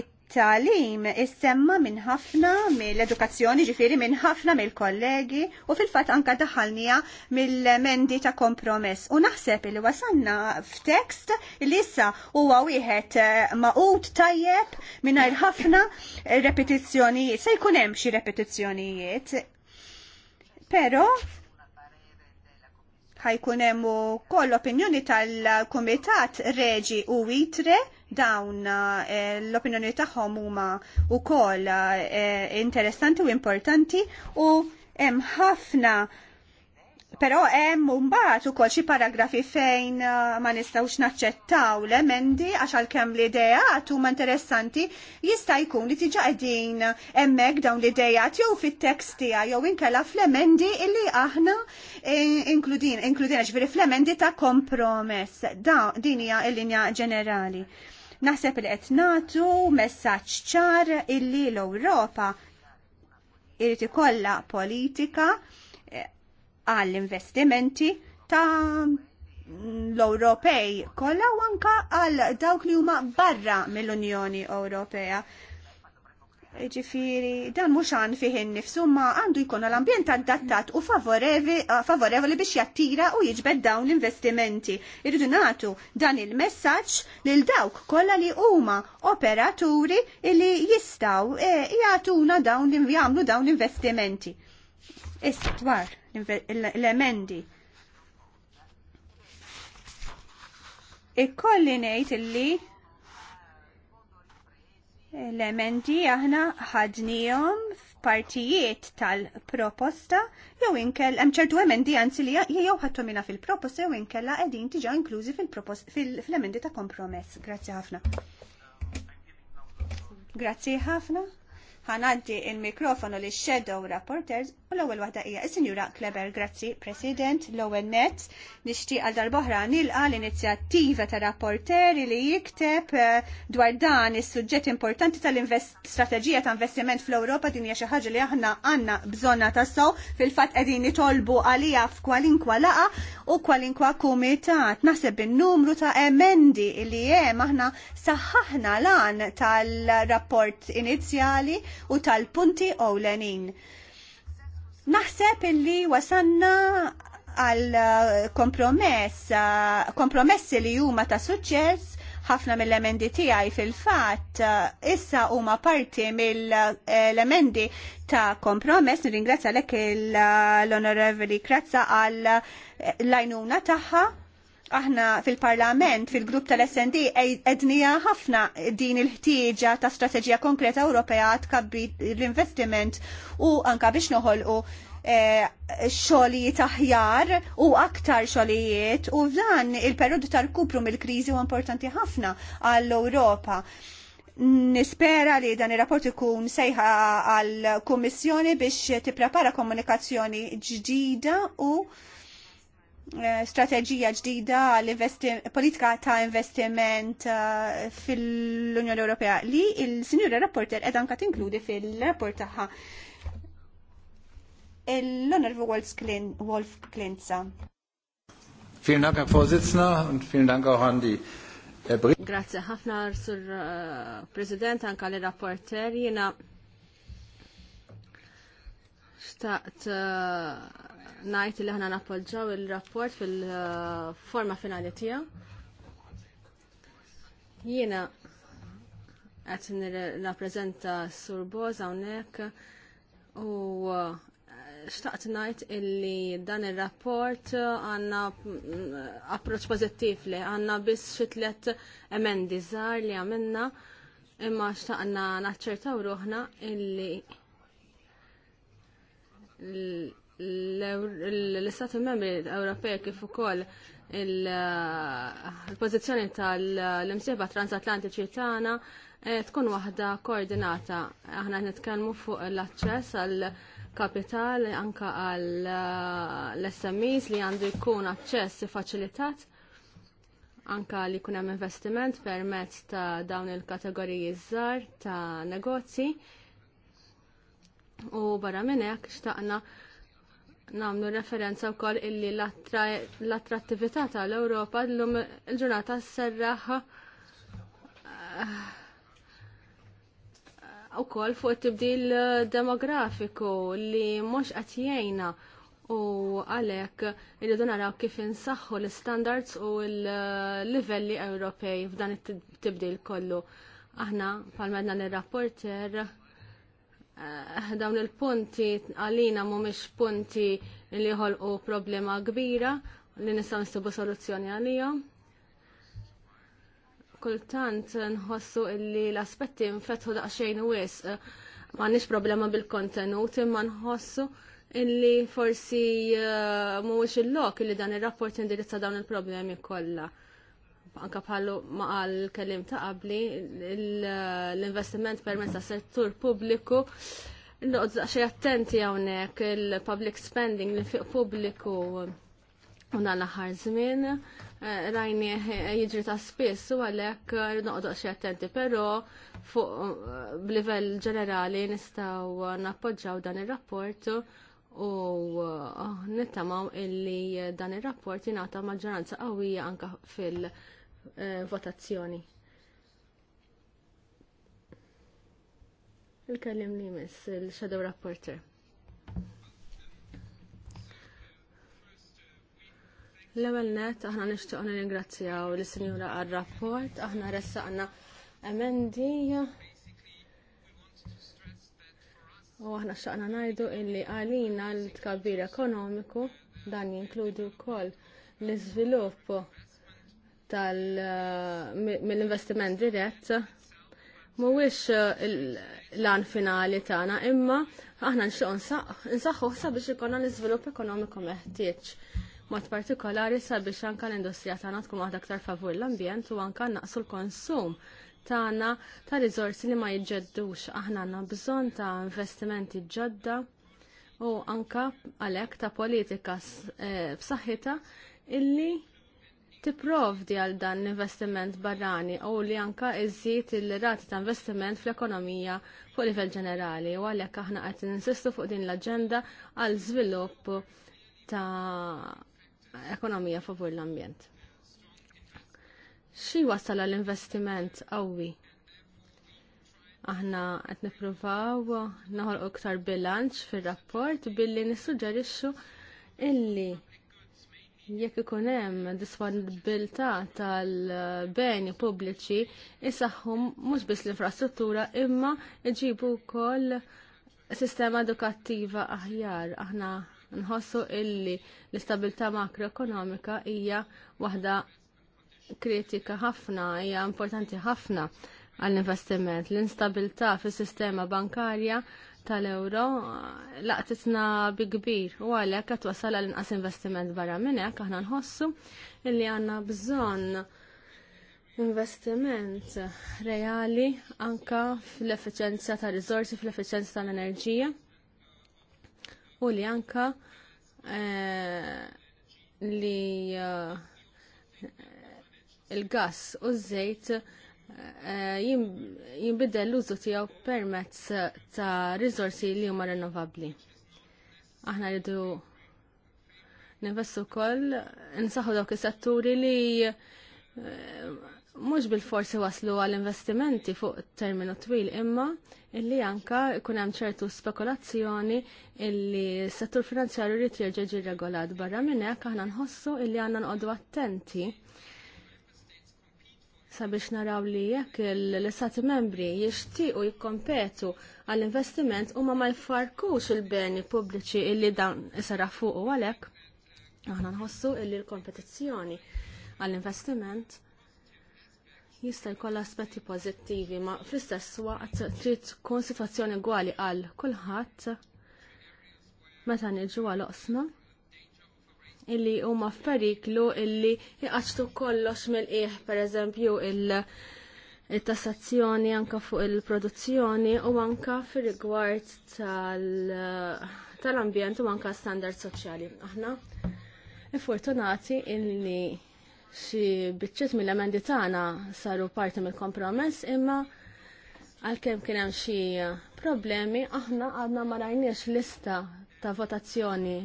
it it-talim issemma minn ħafna mill-edukazzjoni ġifiri minn ħafna mill-kollegi u fil-fat anka daħalnija mill-mendi ta' kompromess. U naħseb li wasanna f'tekst li issa huwa wieħed eh, maqut tajjeb mingħajr ħafna repetizzjonijiet. Se jkun hemm xi repetizzjonijiet. Però ħajkun hemm ukoll opinjoni tal-Kumitat Reġi u Itre dawn eh, l-opinjoni tagħhom huma wkoll eh, interessanti u importanti u hemm ħafna Però hemm mbagħad ukoll xi paragrafi fejn eh, ma nistgħux naċċettaw l-emendi għax għalkemm l-idejat huma interessanti jista' jkun li tiġa qegħdin hemmhekk dawn l-idejat jew fit-tekst tiegħi jew inkella fl-emendi illi aħna inkludin inkludina ġifieri fl-emendi ta' kompromess. din hija l-linja ġenerali. Naħseb li qed nagħtu messaġġ ċar illi l-Ewropa irid ikollha politika eh, għall-investimenti ta' l-Ewropej kollha u anka għal dawk li huma barra mill-Unjoni Ewropea Ġifiri, dan mux għan fiħin nifsu, ma għandu jkun l-ambjent adattat u eh, favorevoli biex jattira u jiġbed dawn l-investimenti. Irridu natu dan il messagġ lil dawk kolla li huma operaturi li jistaw eh, jgħatuna dawn jgħamlu dawn l-investimenti. Issa dwar l-emendi. Ikkolli ngħid illi L-emendi aħna ħadnijom f'partijiet tal-proposta jew inkella hemm ċertu emendi anzi li jew minha fil-proposta jew inkella qegħdin diġà inklużi fil-emendi ta' kompromess. Grazzi ħafna. Grazzi ħafna ħanaddi il-mikrofonu li shadow rapporters u l-ewwel waħda hija is-Sinjura Kleber Grazzi, President l-ewwel net nixtieq għal darb'oħra nilqa l-inizjattiva ta' rapporteri li jikteb eh, dwar dan is-suġġett importanti tal-strateġija ta' investiment fl-Ewropa din hija xi ħaġa li aħna għandna bżonna tassew fil-fatt qegħdin nitolbu għalija f'kwalinkwa laqa u kwalinkwa kumitat. Naħseb in-numru ta' emendi li hemm aħna saħħaħna lan tal-rapport inizjali u tal-punti ewlenin. Naħseb illi wasanna għal eh, kompromess, eh, kompromessi li huma ta' suċċess ħafna mill-emendi tiegħi fil-fatt eh, issa huma parti mill-emendi ta' kompromess nirringrazzja lek l-Onorevoli Krazza għal lajnuna tagħha aħna fil-Parlament, fil-grupp tal-SND, ednija ħafna din il-ħtieġa ta' strateġija konkreta Ewropea tkabbi l-investiment u anka biex u eh, xogħlijiet aħjar u aktar xogħlijiet u dan il-perjodu tal-kupru mill-kriżi u importanti ħafna għall-Ewropa. Nispera li dan ir-rapport ikun sejħa għall-Kummissjoni biex tipprepara komunikazzjoni ġdida u Eh, strategija ġdida l politika ta' investiment eh, fil-Unjoni Ewropea li il-Sinjura Rapporter edan ka tinkludi fil-rapport tagħha l-Honorable Wolf Klinza. Vielen Dank, Herr Vorsitzender, und vielen Dank auch an die Grazie ħafna sur eh, President anka li rapporter jina xtaqt najt li ħana nappoġġaw il-rapport fil-forma finali tija. Jiena qed nirrappreżenta Sur Boż hawnhekk u uh, xtaqt ngħid illi dan ir-rapport uh, għandna mm, approċċ pożittiv li għandna biss xitlet emendi żgħar li għamilna imma xtaqna naċċertaw ruħna illi l-Istati Membri Ewropej kif ukoll il-pożizzjoni tal-imsieba transatlantiċi tagħna eh, tkun waħda koordinata. Aħna nitkellmu fuq l-aċċess għal kapital anka għal l-SMEs li għandu jkun aċċess faċilitat anka li jkun hemm investiment permezz ta' dawn il-kategoriji żgħar ta' negozji. U barra minn hekk xtaqna namlu referenza wkoll illi l-attrattività tal-Ewropa llum il-ġurnata s-serraħ eh, wkoll fuq it-tibdil demografiku li mhux qed jgħinna u għalhekk irridu naraw kif insaħħu l istandards u l-livelli Ewropej f'dan it-tibdil kollu. Aħna palmedna l-rapporter Eh, dawn il-punti għalina mhumiex punti li ħolqu problema kbira li nistgħu nsibu soluzzjoni għalihom. Kultant nħossu illi l-aspetti nfetħu daqsxejn wisq eh, m'għandniex problema bil-kontenut imma nħossu illi forsi eh, mhuwiex il-lok illi dan ir-rapport indirizza dawn il-problemi kollha anka bħallu maqal kellim ta' qabli l-investiment permezz ta' settur pubbliku Noqdu xie attenti hawnhekk il-public spending li fiq pubbliku unna l-aħħar żmien eh, rajni jiġri ta' spiss u għalhekk eh, noqdu xie attenti però fuq eh, b'livell ġenerali nistgħu nappoġġaw dan ir-rapport u nittamaw illi dan ir-rapport jingħata maġġoranza qawwija anke fil- Eh, votazzjoni. Il-kellim li mis, il-Shadow Rapporter. L-ewwel net aħna nixtieq nirringrazzjaw lis-Sinjura għar-rapport, aħna ressaqna emendija u aħna xaqna ngħidu illi għalina l-tkabbir ekonomiku dan jinkludu wkoll l izviluppu Eh, mill-investiment dirett mhuwiex eh, l-an finali tagħna imma aħna nxuq nsaħħu sabiex ikonna l-iżvilupp ekonomiku meħtieġ. Mod partikolari sabiex anka l-industrija tagħna tkun waħda aktar favur l-ambjent u anka naqsu l-konsum tagħna ta' riżorsi li ma jiġġeddux. Aħna għandna bżonn ta' investimenti ġodda u anka għalhekk ta' politika eh, b'saħħitha illi tipprovdi għal dan l-investiment barrani u li anka żżid il-rati ta' investiment fl-ekonomija fuq livell ġenerali u għalhekk aħna qed ninsistu fuq din l-aġenda għal żvilupp ta' ekonomija favur l-ambjent. Xi wasal għall investiment qawwi? Aħna qed nippruvaw naħolqu iktar bilanċ fir-rapport billi nissuġġerixxu illi jekk ikun hemm disponibilità tal-beni pubbliċi isaħħum mhux biss l-infrastruttura imma jġibu wkoll sistema edukattiva aħjar. Aħna nħossu illi l-istabilità makroekonomika hija waħda kritika ħafna, hija importanti ħafna għall-investiment. L-instabilità fis-sistema bankarja tal-euro laqtitna bi kbir u għalhekk qed wasal għal inqas investiment barra minn hekk aħna nħossu illi għandna bżonn investiment reali anka fl effiċjenza ta' riżorsi, fl-effiċenza tal-enerġija u li anka eh, li l eh, il-gas u z-żejt Eh, jinbidel l-użu tiegħu permezz ta' rizorsi li huma rinnovabbli. Aħna rridu ninvestu wkoll nsaħu dawk is-setturi li eh, mhux bil-forsi waslu għal investimenti fuq terminu twil imma illi anka jkun hemm ċertu spekulazzjoni illi s-settur finanzjarju jrid jerġa' regolat barra minn hekk aħna nħossu illi għandna nqogħdu attenti sabiex naraw li jekk l-istati membri jixtiequ jikkompetu għall-investiment huma ma jfarkux il-beni pubbliċi illi dan isara fuq għalhekk. Aħna nħossu illi l-kompetizzjoni għall-investiment jista' jkollha aspetti pożittivi ma fl-istess waqt trid tkun sitwazzjoni gwali għal kulħadd meta niġu għal oqsma illi huma f'periklu illi jqaċtu kollox mill-qiegħ pereżempju il- tassazzjoni anka fuq il-produzzjoni u anka fir-rigward tal-ambjent u anka standard soċjali. Aħna infortunati illi xi biċċiet mill-emendi tagħna saru parti mill-kompromess imma għalkemm kien hemm xi problemi aħna għadna ma rajniex lista ta' votazzjoni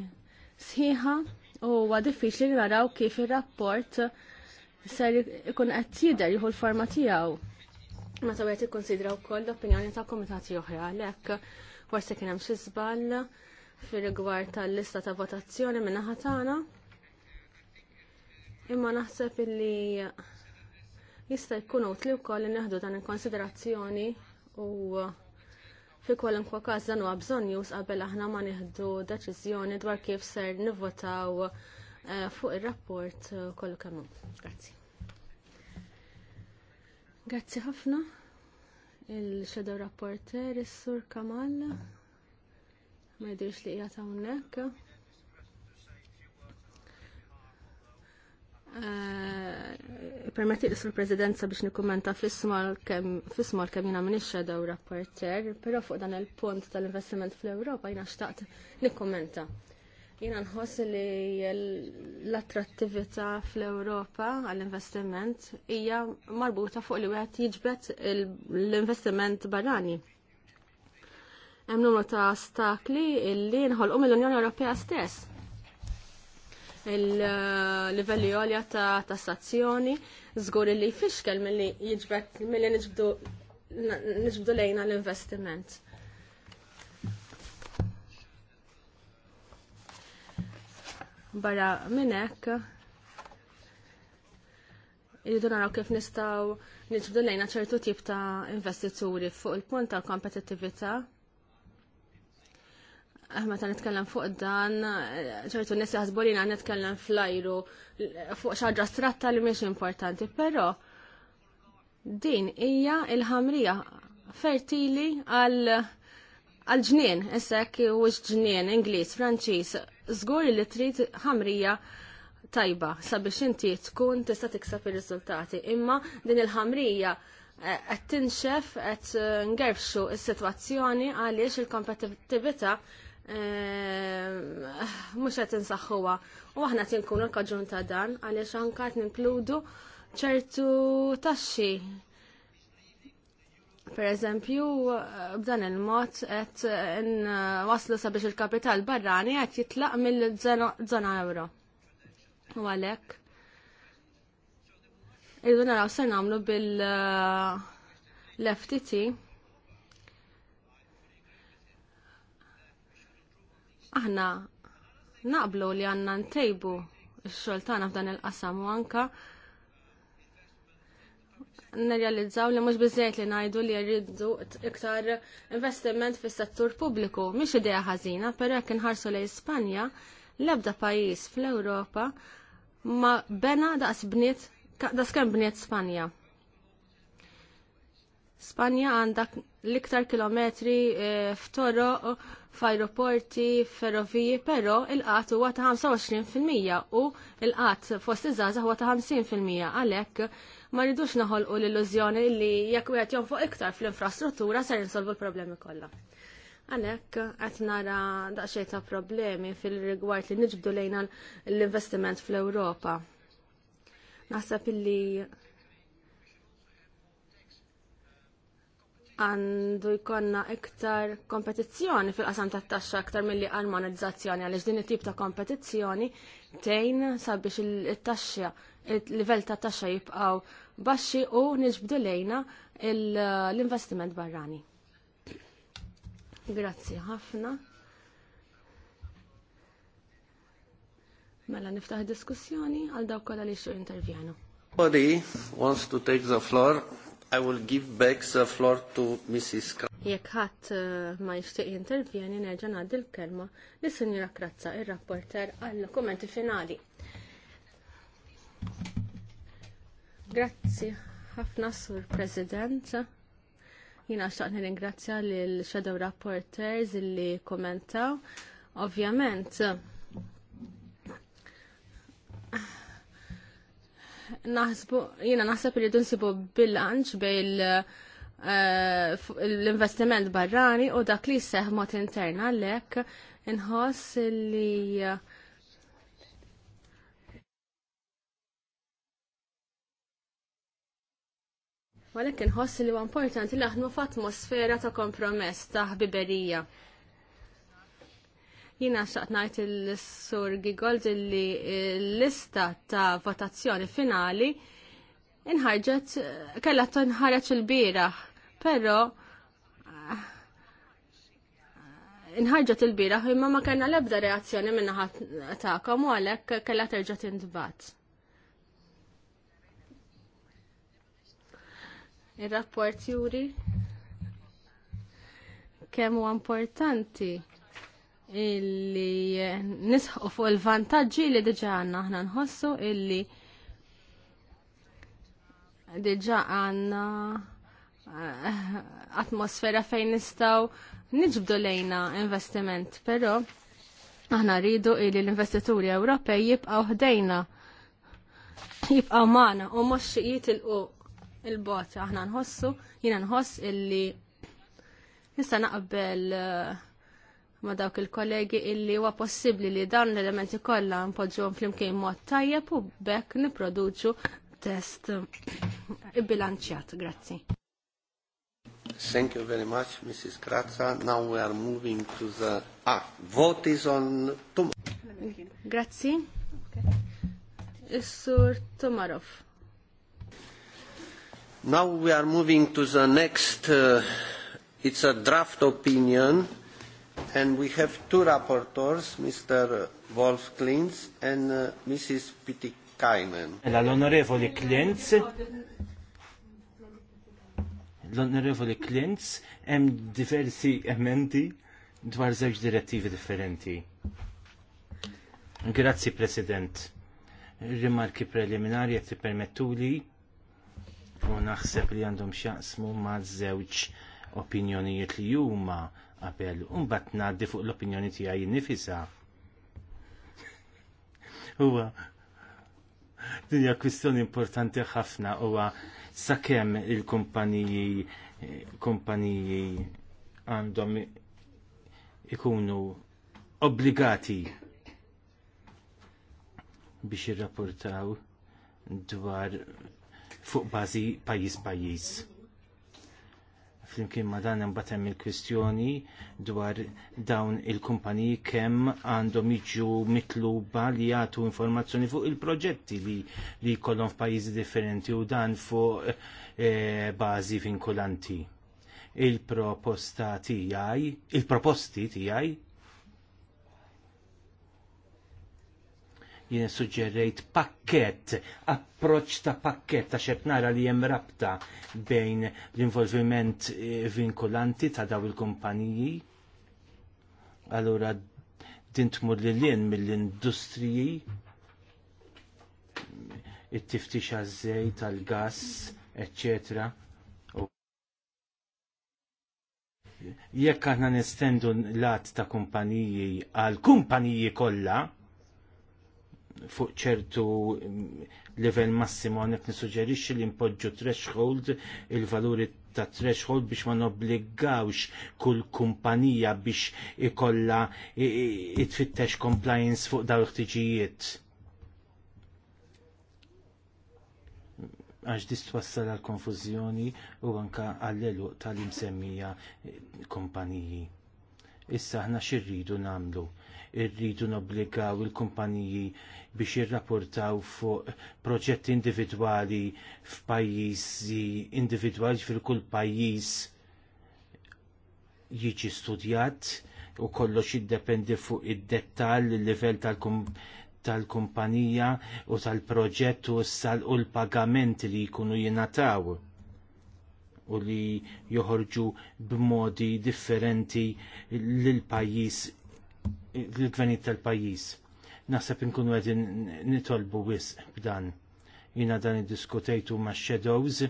sħiħa u huwa diffiċli li naraw kif ir-rapport ser ikun qed jidher jieħu l-forma tiegħu. Meta wieħed ikkonsidra wkoll l-opinjoni ta' komitati oħra għalhekk forsi kien hemm xi żball fir-rigward tal-lista ta' votazzjoni minn naħa tagħna. Imma naħseb illi jista' jkun utli wkoll li neħdu dan il-konsiderazzjoni u Fi kwalunkwa każ dan huwa bżonn jus qabel aħna ma nieħdu deċiżjoni dwar kif ser nivvotaw eh, fuq ir-rapport eh, kollu kemm Grazzi. Grazzi ħafna il-Shadow Rapporter, is-Sur Kamal, ma jidirx li jgħat hawnhekk. Eh, Permetti li sul-prezidenza biex nikkumenta fismal kem jina minix shadow rapporter, pero fuq dan il-punt tal-investiment fl-Europa jina xtaqt nikkumenta. Jina nħoss li l-attrattività fl-Europa għall-investiment hija marbuta fuq li wieħed jiġbet l-investiment barani. Hemm numru ta' stakli li nħolqu mill-Unjoni Ewropea stess il-livelli għolja ta' tassazzjoni, zgur li fiskel mill-li jġbek, mill-li nġbdu lejna l-investiment. Barra minnek, irridu naraw kif nistaw nġbdu lejna ċertu tip ta' investituri fuq il-punt tal-kompetittivita' Ah, meta nitkellem fuq dan, ċertu nies għazbolina li nitkellem flajru fuq xaġa stratta li mhix importanti, però din hija il-ħamrija fertili għal għal ġnien, essek u ġnien, Ingliż, Franċiż, żgur li trid ħamrija tajba sabiex inti tkun tista' tiksab ir-riżultati. Imma din il-ħamrija eh, qed tinxef qed ngerfxu is sitwazzjoni għaliex il-kompetittività mux ehm, għet nsaxħuwa. U għahna tinkun l-kaġun ta' dan, għaliex anka ninkludu ċertu taxxi. Per eżempju, b'dan il-mod għet waslu sabiex il-kapital barrani għet jitlaq mill żona euro. U għalek. Irridu naraw se namlu bil-FTT. Aħna naqblu li għanna ntejbu x-xogħol f'dan il-qasam u anka nerjalizzaw li mhux bizzejt li ngħidu li jridu iktar investiment fis-settur pubbliku mhix idea ħażina, però jekk inħarsu lejn Spanja l-ebda pajjiż fl-Ewropa ma bena daqs bniet daqs kem bniet Spanja. Spanja għandak l-iktar kilometri e, f'toro, f'ajruporti, ferroviji, però il-qat huwa ta' 25% u il-qat fost iż-żgħażagħ huwa ta' 50% għalhekk ma rridux naħolqu l-illużjoni li jekk wieħed jonfoq iktar fl-infrastruttura ser insolvu l-problemi kollha. Għalhekk qed nara daqsxejn ta' problemi fil-rigward li niġbdu lejna l-investiment fl-Ewropa. Naħseb illi għandu jkonna iktar kompetizzjoni fil-qasam ta' taxxa iktar milli għal monetizzazzjoni għaliex din it-tip ta' kompetizzjoni tejn sabiex il-taxxa il-livell ta' taxxa jibqgħu baxxi u niġbdu lejna l-investiment barrani. Grazzi ħafna. Mela niftaħ diskussjoni għal dawk kollha li xu intervjanu. Body wants to take the floor. I will give back the floor to Mrs. K. Jekk ħadd eh, ma jixtieq jintervjeni nerġa' ngħaddi l-kelma li Sinjura Kratza, ir-rapporter għall kommenti finali. Grazzi ħafna sur President. Jiena xtaqt nirringrazzja lil Shadow Rapporters li kommentaw. Ovvjament, naħsbu, jina naħseb li dunsibu bil-lanċ bej eh, l-investiment barrani u dak li seħ mod interna l-ek inħoss li Walek nħoss li huwa importanti li aħnu f'atmosfera ta' kompromess ta' ħbiberija. Jina xaqt il-sur Gigold li l-lista ta' votazzjoni finali inħarġet, kella t inħarġet il-bira, pero inħarġet il-bira, imma ma kena lebda reazzjoni minna ta'kom u għalek kella terġa tindbat. Il-rapport juri kemm huwa importanti illi nisħu fuq il-vantaġġi li diġa għanna ħna nħossu illi diġa għanna eh, atmosfera fejn nistaw niġbdu lejna investiment, pero aħna rridu illi l-investituri Ewropej jibqaw ħdejna jibqaw maħna u mux jitilqu il-bot aħna nħossu, jina nħoss illi nista naqbel uh, ma dawk il-kollegi illi huwa possibbli li dawn l-elementi kollha npoġġuhom flimkien mod tajjeb u bekk niproduċu test bilanċjat. Grazzi. Thank you very much, Mrs. Grazza. Now we are moving to the ah, vote is on tomorrow. Grazie. Okay. Isur Tomarov. Now we are moving to the next, uh, it's a draft opinion And we have two rapporteurs, Mr. Wolf Klintz and uh, Mrs. Pitikainen. L'onorevole Klintz, l-Onorevoli Klintz, hemm diversi emendi dwar żewġ direttivi differenti. Grazzi, President. Rimarki preliminari jek permettuli u naħseb li għandhom xaqsmu ma' żewġ opinjonijiet li huma qabel u mbagħad ngħaddi fuq l-opinjoni tiegħi nifisa. Huwa (laughs) dinja kwistjoni importanti ħafna huwa sakemm il-kumpaniji kumpaniji għandhom ikunu obbligati biex jirrapportaw dwar fuq bażi pajjiż pajjiż. Flimkien ma dan imbagħad hemm il-kwistjoni dwar dawn il kumpani kemm għandhom jiġu mitluba li jagħtu informazzjoni fuq il-proġetti li li jkollhom f'pajjiżi differenti u dan fuq eh, bażi vinkulanti. Il-proposta tiegħi, il-proposti tiegħi jien suġġerejt pakket, approċ ta' pakket ta' xed nara li hemm rabta bejn l-involviment eh, vinkulanti ta' daw il-kumpaniji. Allura din tmur li lien mill-industriji it-tiftix għaż tal-gas, eccetera. Jekk aħna nestendu l-att ta' kumpaniji għal kumpaniji kollha, fuq ċertu mm, level massimo għanek nisuġerixi li impoġġu threshold, il-valuri ta' threshold biex ma nobbligawx kull kumpanija biex ikolla itfittex compliance fuq daw ħtiġijiet. Għax distwassal għal konfużjoni u anka għall tal-imsemmija kumpaniji. Issa ħna xirridu namlu irridu nobbligaw il-kumpaniji biex jirrapportaw fuq proġetti individwali f'pajjiżi individwali fil-kull pajjiż jiġi studjat u kollox jiddependi fuq id-dettall il-livell tal-kumpanija u tal-proġett u l-pagamenti li jkunu jingħataw u li joħorġu b'modi differenti lil pajjiż l-gvenit tal-pajis. Naħseb inkunu għedin nitolbu wis b'dan. Jina dan id-diskutejtu ma' shadows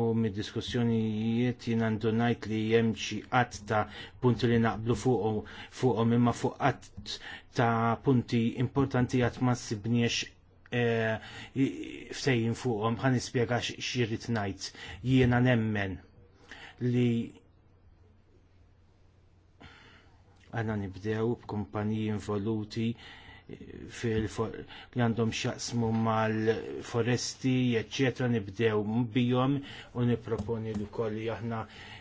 u mid-diskussjonijiet jina ndonajt li jemċi għat ta' punti li naqblu fuqom imma fuq għat ta' punti importanti għat ma' sibniex E, eh, ftejjin fuqhom ħan nispjega xirrit ngħid jiena nemmen li Għanna nibdew b'kumpaniji involuti eh, fil li għandhom xaqsmu mal-foresti, eccetera, nibdew bijom u niproponi li koll li aħna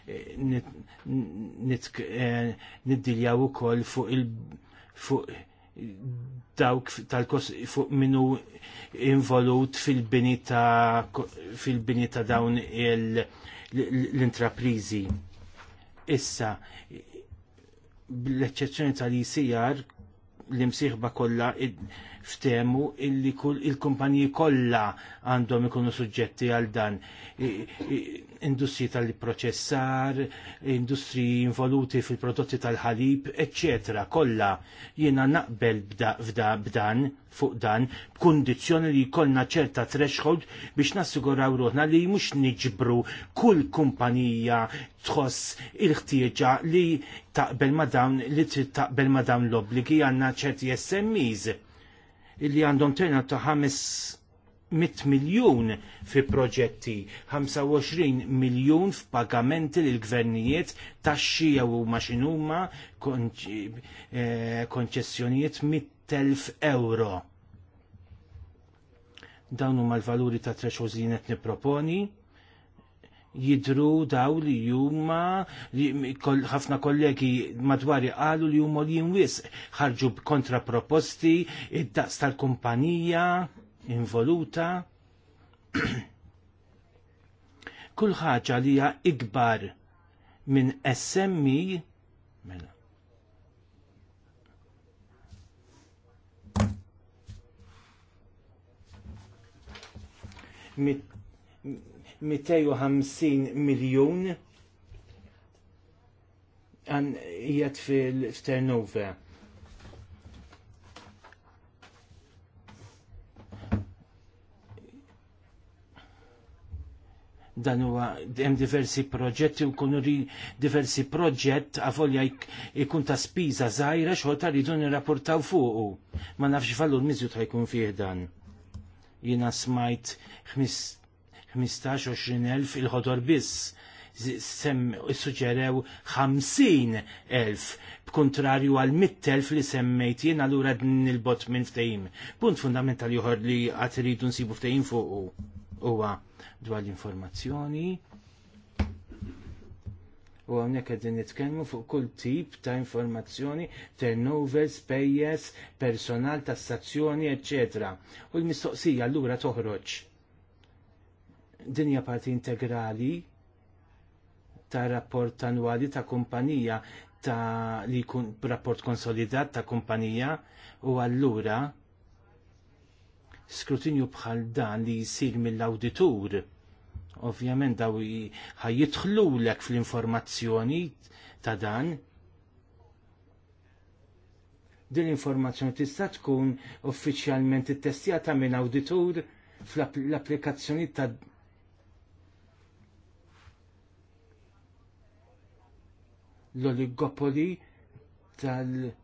eh, eh, niddiljaw u koll fuq il- fuq dawk tal-kos fuq minu involut fil-bini ta' fil-bini ta' dawn l-intraprizi. Issa, bl-eċċezzjoni tal-ICR l-imsieħba kollha ftemu illi il-kumpaniji kollha għandhom ikunu suġġetti għal dan. Industri tal-proċessar, industriji involuti fil-prodotti tal-ħalib, eccetera, kollha jiena naqbel b'dan fuq dan b'kundizzjoni li jkollna ċerta threshold biex nassiguraw ruħna li mhux niġbru kull kumpanija tħoss il-ħtieġa li taqbel ma dawn li taqbel ma dawn l-obbligi għandna ċerti SMEs illi għandhom tenja ta' 500 miljun fi proġetti, 25 miljun f'pagamenti lil gvernijiet taxxi jew ma x'inhuma eh, konċessjonijiet 100,000 euro. Dawn huma l-valuri ta' thresholds li qed nipproponi jidru daw li juma ħafna kollegi madwar qalu li juma li jimwis ħarġu kontra proposti id-daqs tal-kumpanija involuta (clears throat) kull ħaġa li hija ikbar minn SMI e, mela mit 250 miljon għan jgħat fil-turnover. dan huwa hemm diversi proġetti u kunu diversi proġett għavolja jkun ta' spiża żgħira ta ridu nirrapportaw fuqu. Ma nafx valur miżju ta' jkun fih dan. Jiena smajt 15-20.000 il-ħodor biss sem suġġerew 50.000 b'kontrarju għal 100.000 li semmejt jien allura din il-bot minn ftehim. Punt fundamentali uħor li għat rridu nsibu ftehim fuq huwa dwar l-informazzjoni. U għawnek għedin nitkellmu fuq kull tip ta' informazzjoni, turnovers, payers, personal, tassazzjoni, eccetera. U l-mistoqsija allura toħroġ dinja parti integrali ta' rapport annwali ta' kumpanija ta' li kun rapport konsolidat ta' kumpanija u allura skrutinju bħal dan li jisir mill-auditur. Ovvjament daw ħajjitħlu l-ek fl-informazzjoni ta' dan. Din l-informazzjoni tista' tkun uffiċjalment ittestjata minn auditur fl-applikazzjoni ta' l-oligopoli tal-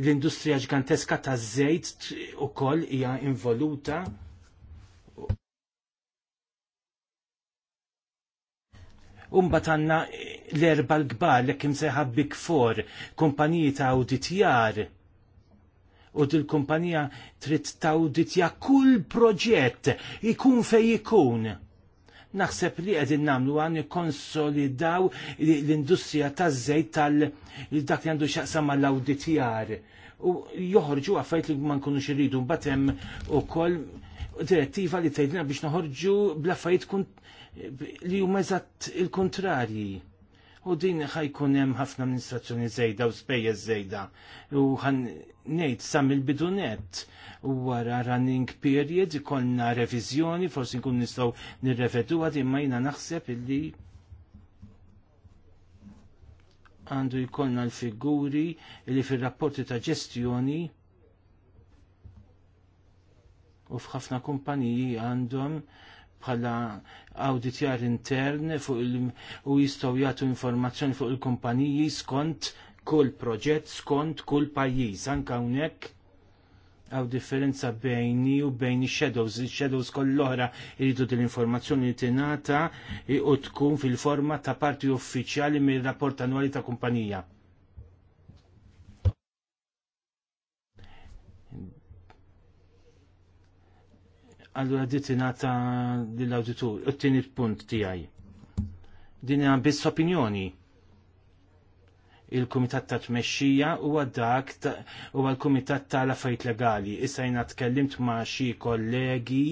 l-industrija ġganteska ta' żejt u koll hija involuta. Umbat għanna l-erba l-gbar l seħab Big Four, kumpaniji ta' auditjar. U dil-kumpanija trid ta' auditja kull proġett, ikun fej ikun. Naħseb li qegħdin nagħmlu għan konsolidaw l-industrija taż-żejt tal-dak li għandu x'aqsam mal-awditjar. U joħorġu għaffajt li ma nkunux irridu mbagħad hemm ukoll direttiva li tajdina biex noħorġu fajt kun li huma eżatt il-kontrarji u din ħajkun hemm ħafna amministrazzjoni żejda u spejjeż żejda. U ħan ngħid sam il-bidunet u wara running period ikolna reviżjoni forsi nkun nistgħu nirreveduha imma jiena naħseb illi għandu jkollna l-figuri li fil-rapporti ta' ġestjoni u f'ħafna kumpaniji għandhom bħala auditjar intern fuq il u jistgħu jagħtu informazzjoni fuq il-kumpaniji skont kull proġett, skont kull pajjiż. Anke hawnhekk għaw differenza bejni u bejni shadows il-shadows koll-ohra irridu dil-informazzjoni li tinata u tkun fil-forma ta' parti uffiċjali mir rapport annwali ta' kumpanija. Allura ditina ta' l-auditur, u t-tini punt tijaj. Din għan biss opinjoni. Il-Kumitat ta' Tmexxija huwa dak huwa l-Kumitat ta' l-Affarijiet Legali. Issa jina tkellimt ma' xi kollegi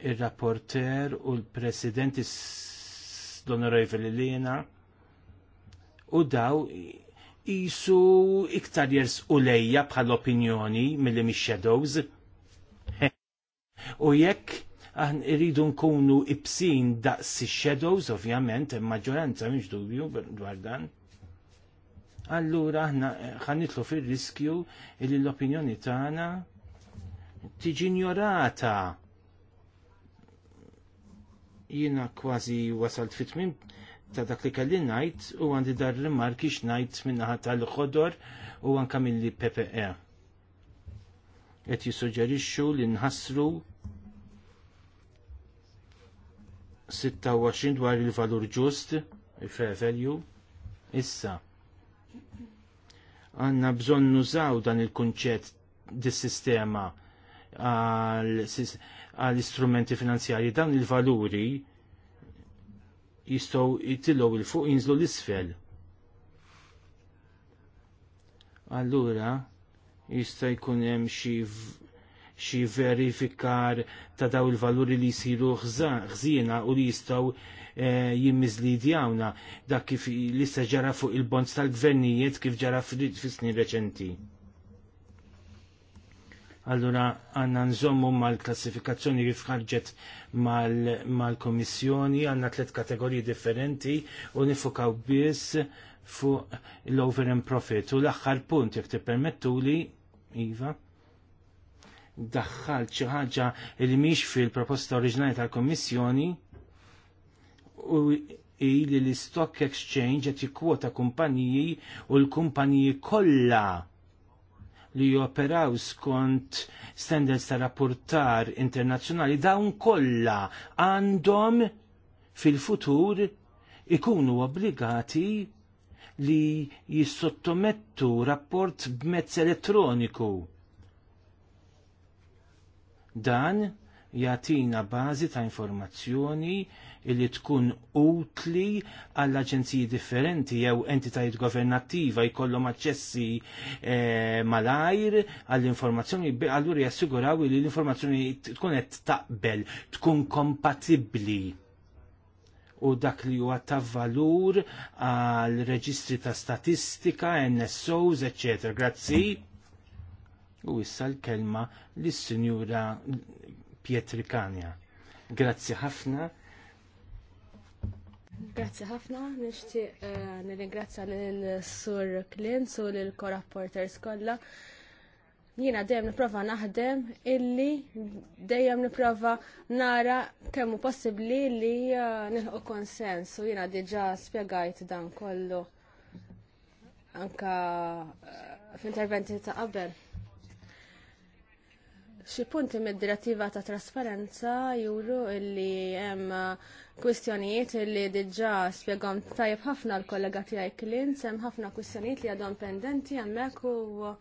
il-rapporter u l-president l-onorevoli u daw jisu iktar jers u lejja bħal opinjoni mill-li shadows. shadows u jekk aħn irridu nkunu ibsin daqs shadows ovvjament, maġġoranza mhux dubju dwar dan. Allura aħna eh, ħanitlu fir-riskju li l-opinjoni tagħna tiġi ignorata. Jiena kważi wasalt fit ta' dak li kelli ngħid u għandi dar rimarki x'ngħid min-naħa tal-ħodor u anke kamilli ppe Qed jissuġġerixxu li nħassru 26 dwar il-valur ġust, il-fair value, issa. Għanna bżon nużaw dan il-kunċett dis-sistema għal-istrumenti finanzjari dan il-valuri jistow jittilow il-fuq jinżlu l-isfel. Allura, jista' jkun hemm xi xi verifikar ta' daw il-valuri li jisiru ħżiena u li jistgħu e, eh, jimmizlidjawna dak kif lista ġara fuq il-bonds tal-gvernijiet kif ġara fis-snin reċenti. Allura għanna nżommu mal-klassifikazzjoni kif ħarġet mal-komissjoni, mal għanna tliet kategoriji differenti u nifukaw biss fuq l-over and profit. U l-axħar punt, jek permettu li, Iva, daħħal xi ħaġa li mhix fil-proposta oriġinali tal-Kommissjoni u li l-Stock Exchange qed jikkwota kumpaniji u l-kumpaniji kollha li joperaw skont standards ta' rapportar internazzjonali dawn kollha għandhom fil-futur ikunu obbligati li jissottomettu rapport b'mezz elettroniku Dan jatina bażi ta' informazzjoni li tkun utli għall aġenziji differenti jew entitajiet governattiva jkollhom aċċessi e, malajr għall-informazzjoni allura jassiguraw li l-informazzjoni tkun qed taqbel, tkun kompatibbli u dak li huwa ta' valur għal reġistri ta' statistika, NSOs, eccetera. Grazzi. U issa l-kelma lis-Sinjura Pietrikania. Grazzi ħafna. Grazzi ħafna, nixtieq uh, nirringrazzja l Sur Klins u l korrapporters kollha. Jiena dejjem nipprova naħdem illi dejjem nipprova nara kemm hu possibbli li uh, nilħu konsens u jiena diġà spjegajt dan kollu anka uh, f'interventi ta' qabel xi punti mid-direttiva ta' trasparenza juru illi hemm uh, kwistjonijiet illi diġà spjegom tajjeb ħafna l-kollega tiegħi klin, hemm ħafna kwistjonijiet li għadhom pendenti hemmhekk u uh,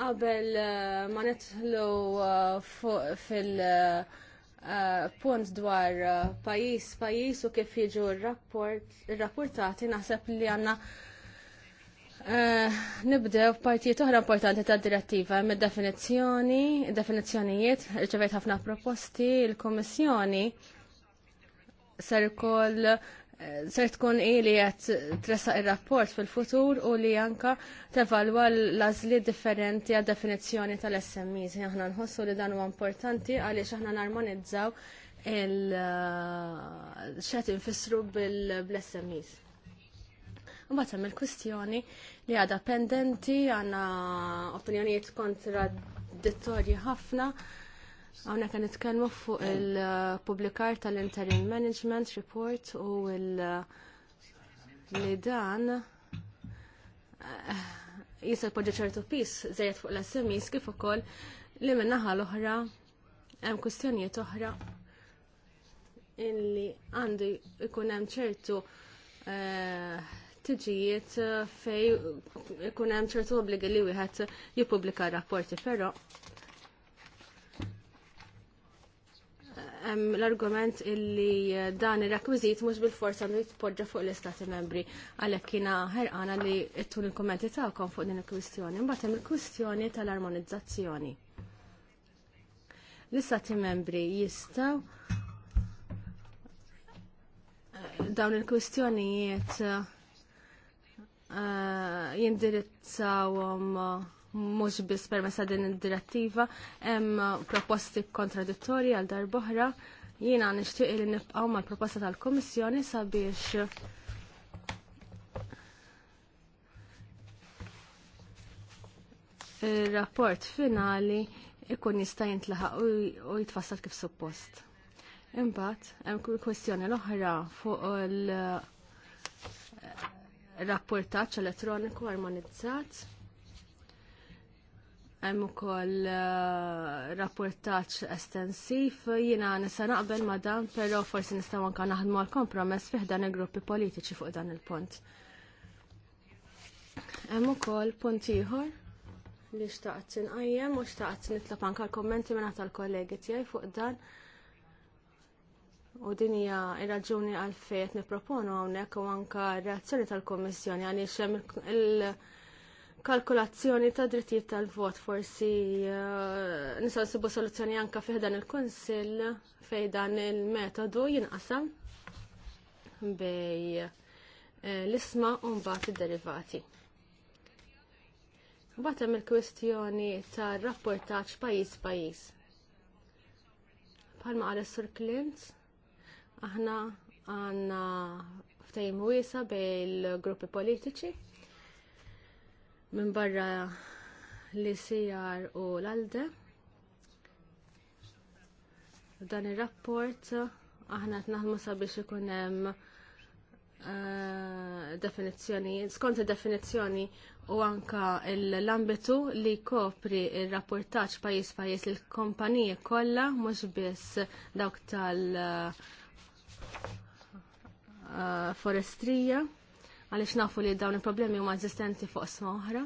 qabel uh, ma netlu fil- punt dwar pajjiż pajjiż u kif jiġu r-rapportati naħseb li għandna Eh, nibdew partijiet oħra importanti ta' direttiva mid definizzjoni definizzjonijiet, rċevejt ħafna proposti, il komissjoni ser ikoll eh, ser tkun ili qed tressaq ir-rapport fil-futur u li anka tevalwa l-għażli differenti għad definizzjoni tal-SMEs. Aħna nħossu li dan huwa importanti għaliex aħna narmonizzaw il-xed eh, infissru bil-SMEs. U bat hemm il li għadha pendenti għandna opinjonijiet kontradittorji ħafna. Għawna kan nitkellmu fuq il-publikar tal-Interim Management Report u il- li dan eh, jisal poġġa ċertu pis zejjed fuq l-SMIs kif ukoll li minnaħa l-oħra hemm kwistjonijiet oħra illi għandu jkun hemm ċertu eh, tiġijiet eh, fej ikun hemm ċertu obbligi li wieħed jippubblika rapporti, però hemm l-argument illi eh, dan ir-rekwiżit mhux bil-forsa li jitpoġġa fuq l-Istati Membri għalhekk kiena ħerqana li ttun il-kummenti tagħkom fuq din il-kwistjoni. Imbagħad hemm il-kwistjoni tal-armonizzazzjoni. L-Istati Membri jistgħu eh, dawn il-kwistjonijiet Eh, jindirizzawhom eh, mhux biss permessa din id-direttiva, hemm eh, proposti kontradittorji għal darboħra. Jiena nixtieq li nibqgħu mal-proposta tal-Kummissjoni sabiex il-rapport finali ikun jista' jintlaħaq u jitfassal kif suppost. Imbagħad hemm kwestjoni l-oħra fuq il- rapportaċ elettroniku armonizzat. Hemm ukoll uh, rapportaċ estensiv jiena nista' naqbel ma dan, però forsi nistgħu anke naħdmu għal kompromess fih dan il-gruppi politiċi fuq dan il-punt. Hemm ukoll punt ieħor li xtaqt inqajjem u xtaqt nitlob anke l-kommenti minn tal-kollegi tiegħi fuq dan U din hija ir-raġuni għal qed nipproponu hawnhekk u anke r-reazzjoni tal-Kummissjoni għaliex hemm il-kalkulazzjoni ta' drittijiet tal-vot forsi eh, nistgħu nsibu soluzzjoni anke fih dan il-Kunsill fejn dan il-metodu jinqasam bej eh, l-isma u mbagħad id-derivati. Mbagħad hemm il-kwistjoni tar-rapportaġġ pajjiż pajjiż. Palma għal Sur Clint, Aħna għanna ftejm wiesa bil-gruppi politiċi minn barra li sijar u l-alde. Dan ir-rapport aħna t naħdmu sabiex ikun hemm eh, definizzjoni, skont definizzjoni u anka l-ambitu li kopri il-rapportaċ pajis pajis il-kompanije kolla, mux biss dawk tal- Eh, forestrija għaliex nafu li dawn il-problemi huma eżistenti fuq sma oħra.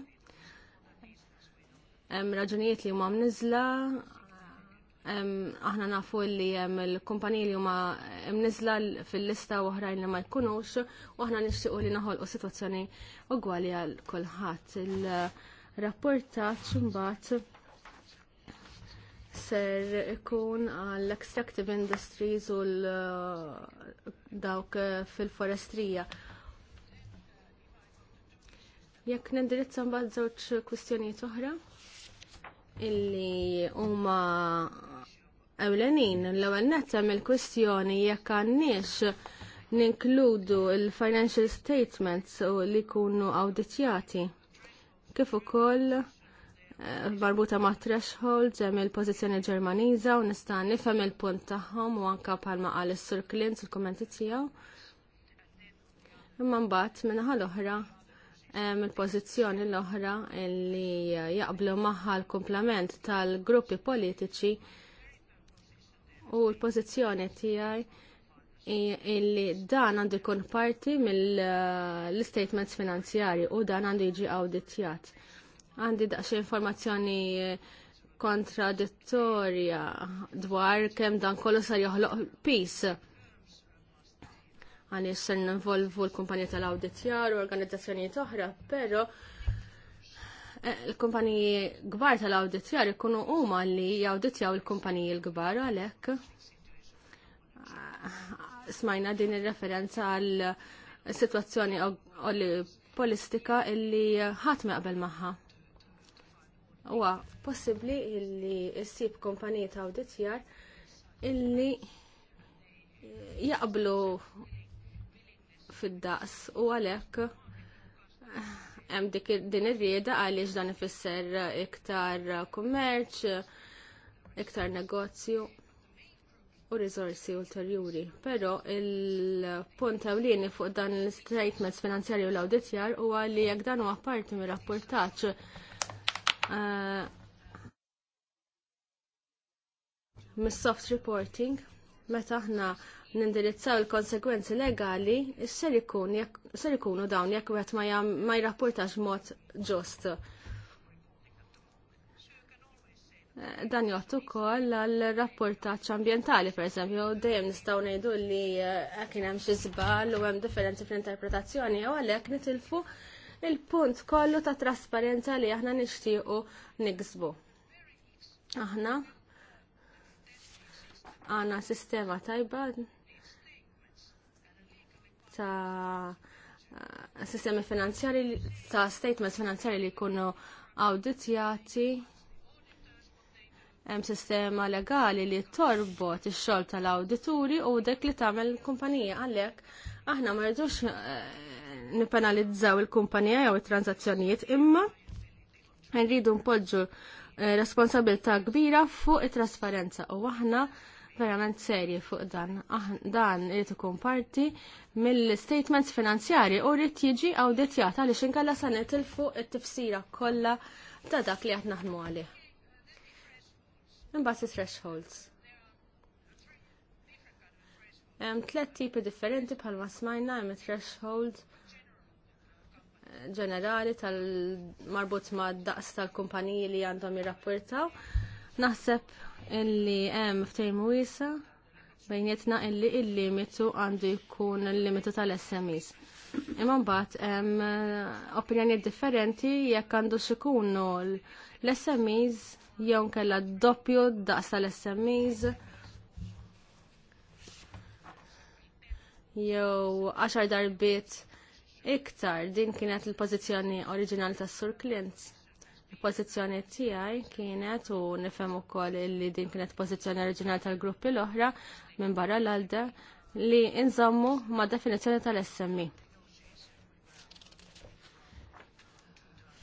Hemm raġunijiet li huma mniżla, aħna nafu li hemm il-kumpaniji li huma mniżla fil-lista oħrajn li ma jkunux u aħna nixtiequ li naħolqu sitwazzjoni ugwali għal kulħadd. Il-rapportaġġ imbagħad ser ikun għall extractive industries u l dawk eh, fil-forestrija. Jekk nindirizza mbagħad żewġ kwistjonijiet oħra illi huma ewlenin l-ewwel nett hemm il-kwistjoni jekk għandniex ninkludu l financial statements u li jkunu awditjati kif ukoll barbuta ma' threshold hemm il-pożizzjoni Ġermaniża u nista' nifhem il-punt tagħhom u anke bħalma qal is-Sur Clint il-kummenti tiegħu. Imma mbagħad minnaħa l-oħra hemm il-pożizzjoni l-oħra li jaqblu magħha l-kumplament tal-gruppi politiċi u l-pożizzjoni tiegħi illi dan għandu jkun parti mill-statements uh, finanzjari u dan għandu jiġi awditjat. Għandi daqs informazzjoni eh, kontradittorja dwar kemm dan kollu sar joħloq pis. Għan jisser involvu l-kumpanija tal audizjar u organizzazzjonijiet oħra, pero eh, l-kumpaniji gbar tal-auditjar ikunu huma li jawditjaw il-kumpaniji l-gbar għalhekk. Smajna din ir-referenza għal situazzjoni politika illi ħadd qabel magħha huwa possibbli li ssib kumpaniji ta' awditjar illi eh, jaqblu fid-daqs u għalhekk eh, hemm dik din ir-rieda għaliex dan ifisser iktar kummerċ, iktar negozju u riżorsi ulterjuri. Però il-punt ewlieni fuq dan l-statements finanzjarji u l-awditjar huwa li jekk dan huwa parti mir-rapportaġġ Uh, mis-soft reporting, meta aħna nindirizzaw il-konsekwenzi legali, ser ikunu dawn jekk wieħed ma jrapportax mod ġust. Eh, dan jgħattu ukoll għal rapportaċ ambjentali pereżempju, dejjem nistgħu ngħidu li eh, kien hemm xi żball u hemm differenzi fl-interpretazzjoni, jew għalhekk nitilfu il-punt kollu ta' trasparenza li aħna nixtiequ niksbu. Aħna għana sistema tajba ta' sistemi finanzjari ta' statements finanzjari li jkunu awditjati hemm sistema legali li torbot ix-xogħol tal-awdituri u dek li tagħmel kumpanija għalhekk aħna ma rridux eh, nipenalizzaw il-kumpanija jew it transazzjonijiet imma nridu npoġġu eh, responsabilità kbira fuq it-trasparenza u aħna verament serji fuq dan. Dan irid ikun parti mill-statements finanzjarji u rrid jiġi awditjata li xinkalla se nitilfu it-tifsira kollha ta' dak li qed naħdmu għalih. Imbagħad thresholds. Hemm tliet tipi differenti bħalma smajna hemm threshold ġenerali tal-marbut ma' daqs tal-kumpaniji li għandhom jirrapportaw. Naħseb illi hemm ftejmu wiesa bejnietna illi il-limitu għandu jkun il-limitu tal-SMEs. Imma mbagħad hemm eh, opinjonijiet differenti jekk għandu xikunu l-SMEs jew kella doppju daqs tal-SMEs. jew għaxar darbiet iktar. Din kienet il-pożizzjoni oriġinali tas-Sur Klint. Il-pożizzjoni tiegħi kienet u nifhem ukoll li din kienet pożizzjoni oriġinali tal-gruppi l-oħra minn barra l-alda li nżommu ma' definizzjoni tal-SMI.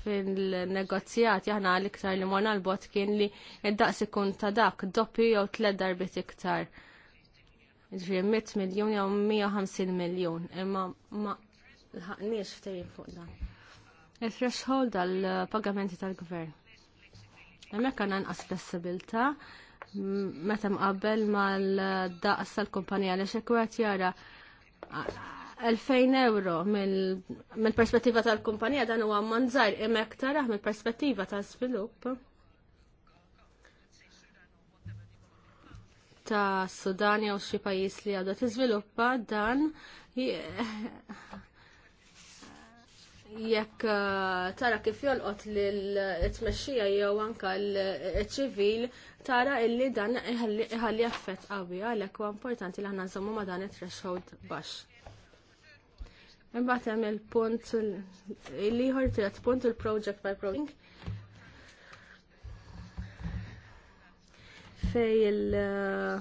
fil-negozjati aħna l-iktar li morna l-bot kien li id-daqs ikun ta' dak doppi jew tliet darbit iktar. Ġri 100 miljon jew 150 miljon. Imma l-ħaqniex ftejn fuq dan. Il-threshold għal-pagamenti tal-gvern. Hemmhekk għandna nqas flessibilità meta mqabbel mal-daqs tal-kumpanija li xekwet jara 2000 euro mill-perspettiva tal-kumpanija dan huwa manżar imek taraħ mill-perspettiva tal svilupp ta' Sudan jew xi pajjiż li għadha tiżviluppa dan jekk uh, tara kif jolqot l-tmexxija jew anka l-ċivil tara illi dan iħalli effett qawwi għalhekk huwa importanti li aħna nżommu ma' dan it-threshold baxx. Imbagħad hemm il-punt l ieħor tielet punt il-project by project fej il- uh,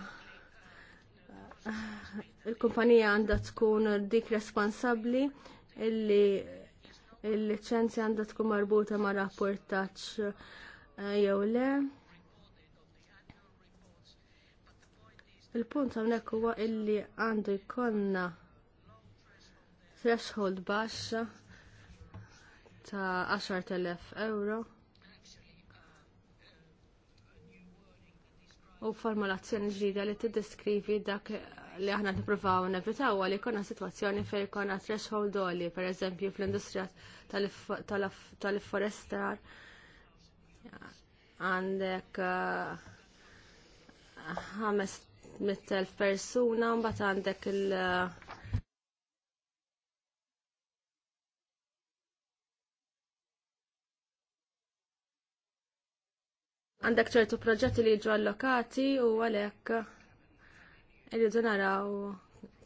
il-kumpanija għandha tkun dik responsabbli illi il-licenzja għandha tkun marbuta ma' rapportaġġ eh, jew le. Il-punt hawnhekk huwa illi għandu jkollna threshold baxxa ta' 10.000 euro. U formulazzjoni ġdida li tiddeskrivi dak li aħna nippruvaw nevitaw li jkollna sitwazzjoni fejn jkollna threshold għoli, pereżempju fl-industrija tal-forestar għandek eh, ħames mittelf persuna, mbagħad għandek il- għandek ċertu proġetti li jiġu allokati u għalhekk Irridu naraw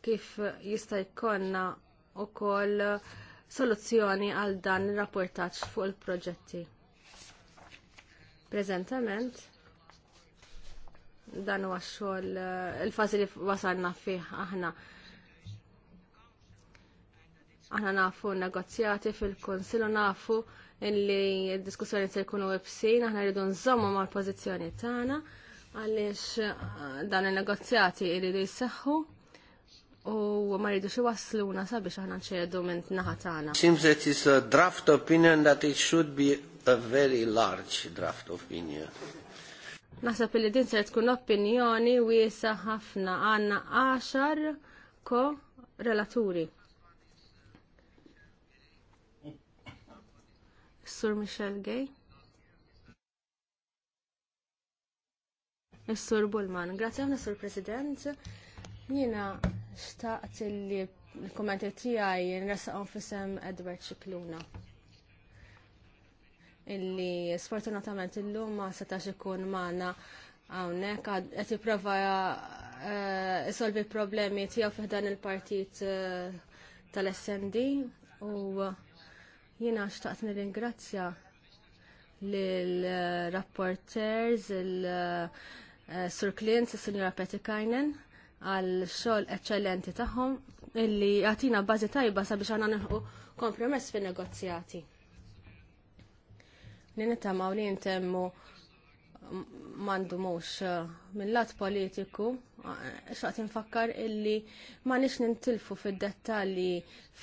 kif jista' jkollna wkoll soluzzjoni għal dan ir-rapportaġġ fuq il-proġetti. Preżentament dan huwa xogħol il-fażi li wasalna fih aħna. Aħna nafu negozjati fil-Kunsill u nafu illi d-diskussjoni se jkunu websin, aħna rridu nżommu mal-pożizzjoni tagħna għalix eh, dan il-negozjati jridu jisseħħu u ma rridux iwassluna sabiex aħna nċedu minn naħatana. Seems that it's a draft opinion that it should be a very large draft opinion. Naħseb li din ser tkun opinjoni wiesa ħafna għanna 10 ko relaturi. Sur Michel Gay. Is-Sur Bullman. Grazzi ħafna Sur President. Jiena xtaqt li l-kommenti tiegħi nresaqhom f'isem Edward Xikluna illi sfortunatament illum ma setax ikun magħna hawnhekk qed jipprova eh, isolvi problemi tiegħu fiħdan il-partit eh, tal-SND u jiena xtaqt nirringrazzja l eh, rapporters il- Eh, Sur Klint, Signora Petikajnen, għal xogħol eċċellenti tagħhom illi jagħtina bażi tajba sabiex għandna nħu kompromess fin-negozjati. Li nittamaw li jintemmu mandu mux eh, mill-lat politiku, eh, xaqt nfakkar illi ma nix nintilfu fil-dettalji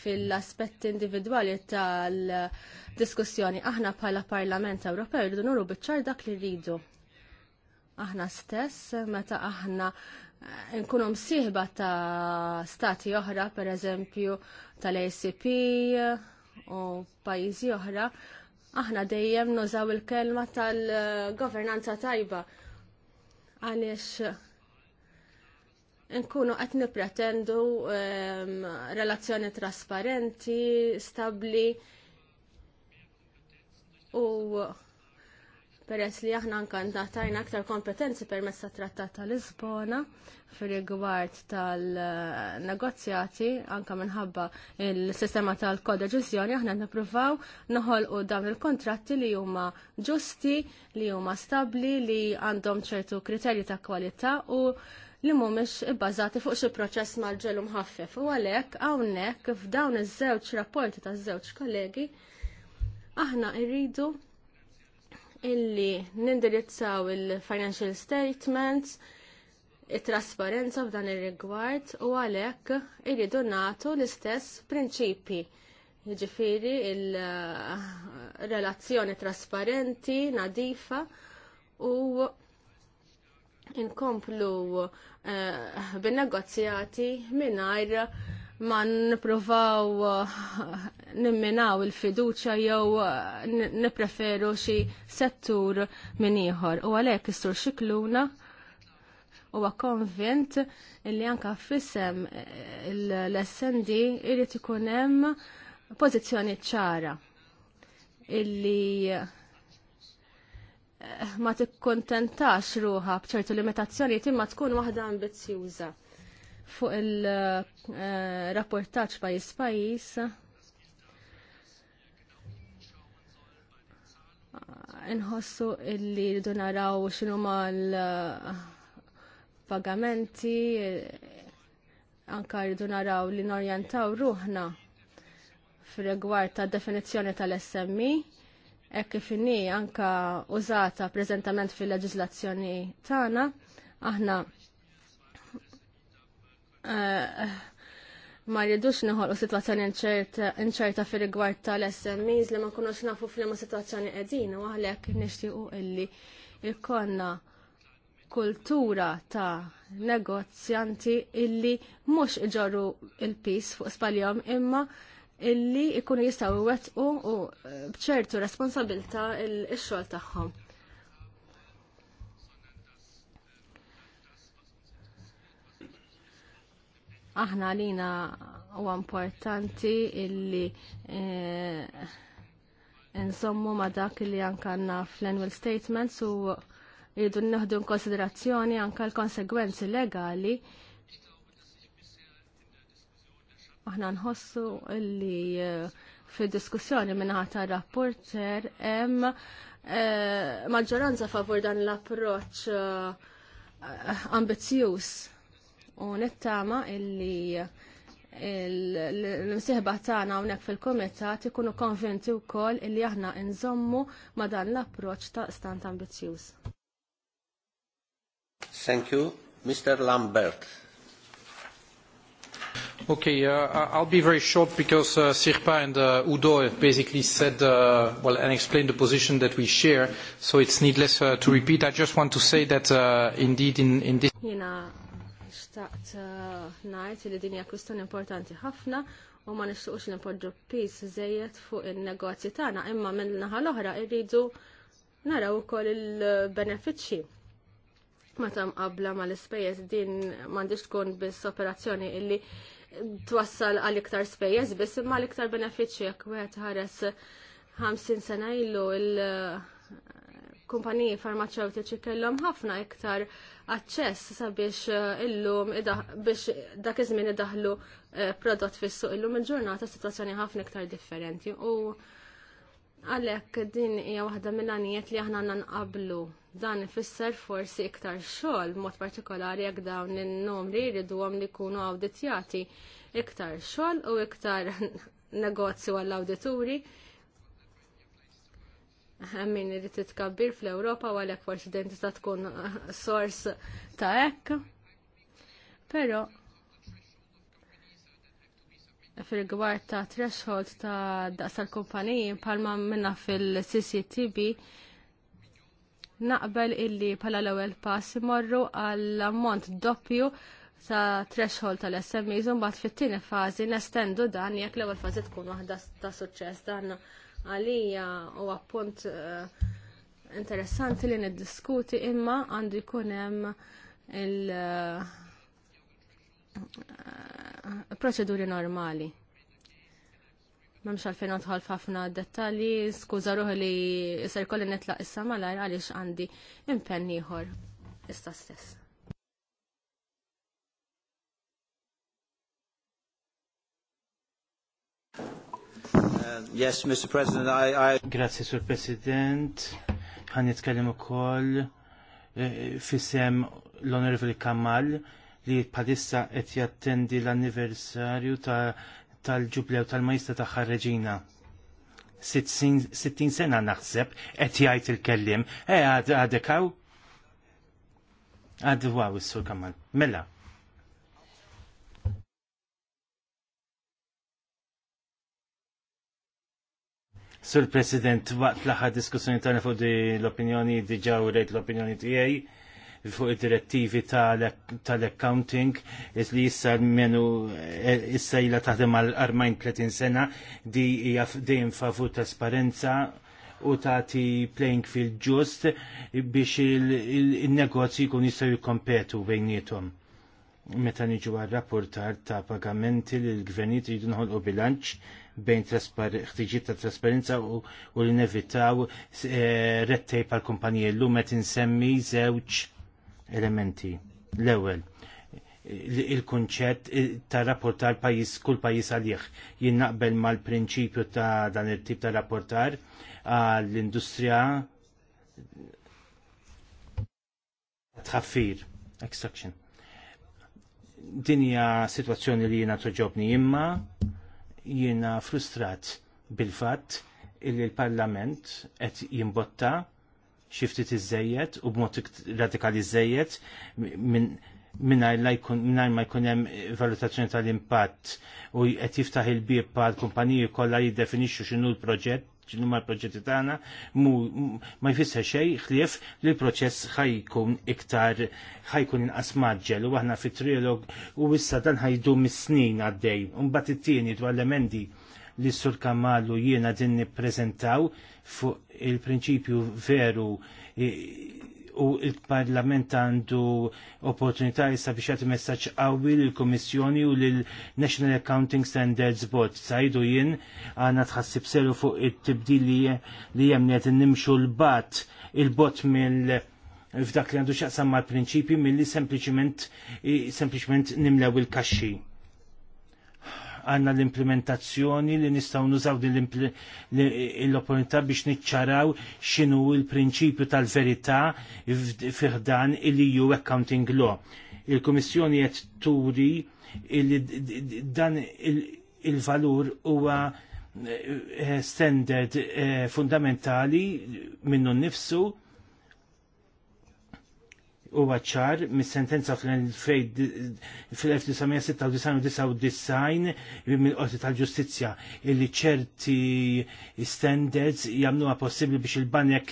fil-aspetti individuali tal-diskussjoni. Aħna bħala Parlament Ewropew rridu nuru biċċar dak li rridu aħna stess, meta aħna eh, nkunu msieħba ta' stati oħra, per eżempju tal-ACP eh, u pajjiżi oħra, aħna dejjem nużaw il-kelma tal-governanza tajba għaliex nkunu qed nippretendu um, relazzjoni trasparenti, stabbli u peress li aħna tajna aktar kompetenzi per tat trattat tal Lisbona fir-rigward tal-negozjati anke minħabba il-sistema tal-kodeġizjoni aħna nippruvaw u dawn il-kontratti li huma ġusti, li huma stabbli, li għandhom ċertu kriterji ta' kwalità u li mhumiex ibbażati fuq xi proċess marġel mħaffef. U għalhekk hawnhekk f'dawn iż-żewġ rapporti taż-żewġ kollegi aħna rridu illi nindirizzaw il-financial statements, it-trasparenza f'dan ir-rigward u għalhekk iridu nagħtu l-istess prinċipji. Jiġifieri il-relazzjoni trasparenti, nadifa u inkomplu uh, bin-negozjati mingħajr ma nipruvaw uh, nimminaw il-fiduċa jew uh, nipreferu xi settur minn ieħor. U għalhekk istur xikluna huwa konvint li anka fissem eh, l-SND irid ikun hemm pożizzjoni ċara illi eh, ma tikkontentax ruha bċertu limitazzjoni imma tkun waħda ambizzjuża fuq il-rapportaċ pajis pajis nħossu illi rridu naraw xinu l pagamenti anka rridu naraw li norjantaw ruħna fil regwar ta' definizjoni tal-SMI e kif anka użata prezentament fil-leġizlazzjoni tagħna aħna ma rridux neħolqu situazzjoni inċerta fir rigward tal-SMEs li ma kunux nafu f'liema situazzjoni qegħdin u għalhekk nixtiequ illi jkollna kultura ta' negozjanti illi mhux iġorru il-pis fuq spaljom imma illi jkunu jistgħu iwettqu u bċertu responsabilta il-xogħol tagħhom. aħna lina u importanti illi e, eh, insommu ma dak li għankanna fl-annual statements u jridu n konsiderazzjoni anka l-konsegwenzi legali aħna nħossu illi eh, fi diskussjoni minnaħta rapporter hemm e, maġġoranza favur dan l-approċ e, u nittama illi l-msiħba tagħna unek fil-kumitat ikunu konvinti wkoll illi aħna nżommu ma dan l approċ ta' stant ambizzjuż. Thank you, Mr. Lambert. Okay, uh, I'll be very short because uh, Sirpa and uh, Udo have basically said, uh, well, and explained the position that we share, so it's needless uh, to repeat. I just want to say that uh, indeed in, in this... You know, xtaqt eh, ngħid li din hija kwistjoni importanti ħafna u ma nixtuqx li npoġġu pis żejjed fuq in-negozji tagħna imma minn naħa l-oħra irridu naraw ukoll il-benefiċċji. Meta mqabbla mal-ispejjeż din m'għandix tkun biss operazzjoni illi twassal għal iktar spejjeż biss imma għal iktar benefiċċji jekk wieħed ħares 50 sena ilu il kumpaniji farmaceutiċi kellhom ħafna iktar aċċess sabiex eh, illum biex dak iż-żmien idaħlu eh, prodott fis-suq illum il-ġurnata situazzjoni ħafna iktar differenti u għalhekk din hija waħda mill-għanijiet li aħna nqablu dan ifisser forsi iktar xogħol mod partikolari jekk dawn in-numri jriduhom li jkunu awditjati iktar xogħol u iktar (laughs) negozju għall-awdituri min irid titkabbir fl-Ewropa u għalhekk forsi ta' tkun eh, sors ta' hekk. Però fil-gwar ta' threshold ta' daqs tal-kumpaniji palma minna fil-CCTB naqbel illi pala l-ewwel pass imorru għall ammont doppju ta' threshold tal-SMEs u mbagħad fit-tieni fażi nestendu dan jekk l-ewwel fażi tkun waħda ta' suċċess dan għalija u appunt eh, interessanti li niddiskuti imma għandu jkun hemm il eh, proċeduri normali. Memx għalfejn għadħol ħafna dettalji, skuża ruħ li jisir kolli netlaq issa malajr għaliex għandi impenn ieħor issa stess. Uh, yes, Mr. President, I... I... Grazie, Sur President. Għan jitkellim u koll eh, fissem l-Onorevoli Kamal li palissa qed jattendi l-anniversarju tal-ġublew tal majista ta' ħarreġina. 60 sena naħseb qed jgħid il-kellim. E għad għadek għad waw is-sur Kamal. Mela. Sur President, waqt l-aħħar diskussjoni tagħna fuq l-opinjoni diġà rejt l-opinjoni tiegħi fuq id-direttivi tal-accounting li issa menu eh, issa ila taħdem għal armajn 30 sena di hija dejjem favur trasparenza u tagħti playing field ġust biex il-negozji jkun jistgħu jikkompetu bejniethom. Meta niġu għal rapportar ta' pagamenti li l-gvernijiet jridu nħolqu bilanċ bejn ħtiġiet ta' trasparenza u, u li nevitaw e, red tape għal kumpanija l qed insemmi żewġ elementi. L-ewwel il-kunċett eh, ta' rapportar pajis, kull pajis għalieħ. Jien naqbel mal-prinċipju ta' dan il-tip ta' rapportar għall-industrija tħaffir, extraction. Dinja situazzjoni li jina toġobni imma jiena frustrat bil-fatt illi l-Parlament qed jimbotta xi ftit żejjed u b'mod radikali żejjed minn minnar ma jkun hemm valutazzjoni tal-impatt u qed jiftaħ il-bieb għal kumpaniji kollha jiddefinixxu x'inhu l-proġett ċinu ma' proġetti tagħna ma jfisser xej ħlief li l-proċess ħajkun iktar ħajkun inqas maġġel u aħna fit-trilog u issa dan ħajdu mis-snin għaddej. Mbagħad it-tieni dwar l-emendi li s sur kamalu jiena din nippreżentaw fuq il-prinċipju veru u il-Parlament għandu opportunità jista biex jgħati messaġġ qawwi lill-Kummissjoni u lill-National Accounting Standards Board. Sajdu jien għana tħassib seru fuq it-tibdil li hemm qed nimxu l-bat il-bot mill- f'dak li għandu xaqsam mal prinċipji milli sempliciment nimlew il-kaxxi għanna l-implementazzjoni li nistaw nużaw l-opportunità biex niċċaraw xinu il-prinċipju tal-verità fiħdan il-EU Accounting Law. Il-Komissjoni qed turi il dan il-valur huwa eh, standard eh, fundamentali minnu nnifsu u għacċar mis-sentenza fl-1996 mill-qorti tal-ġustizja illi ċerti standards jamluha possibli biex il-banek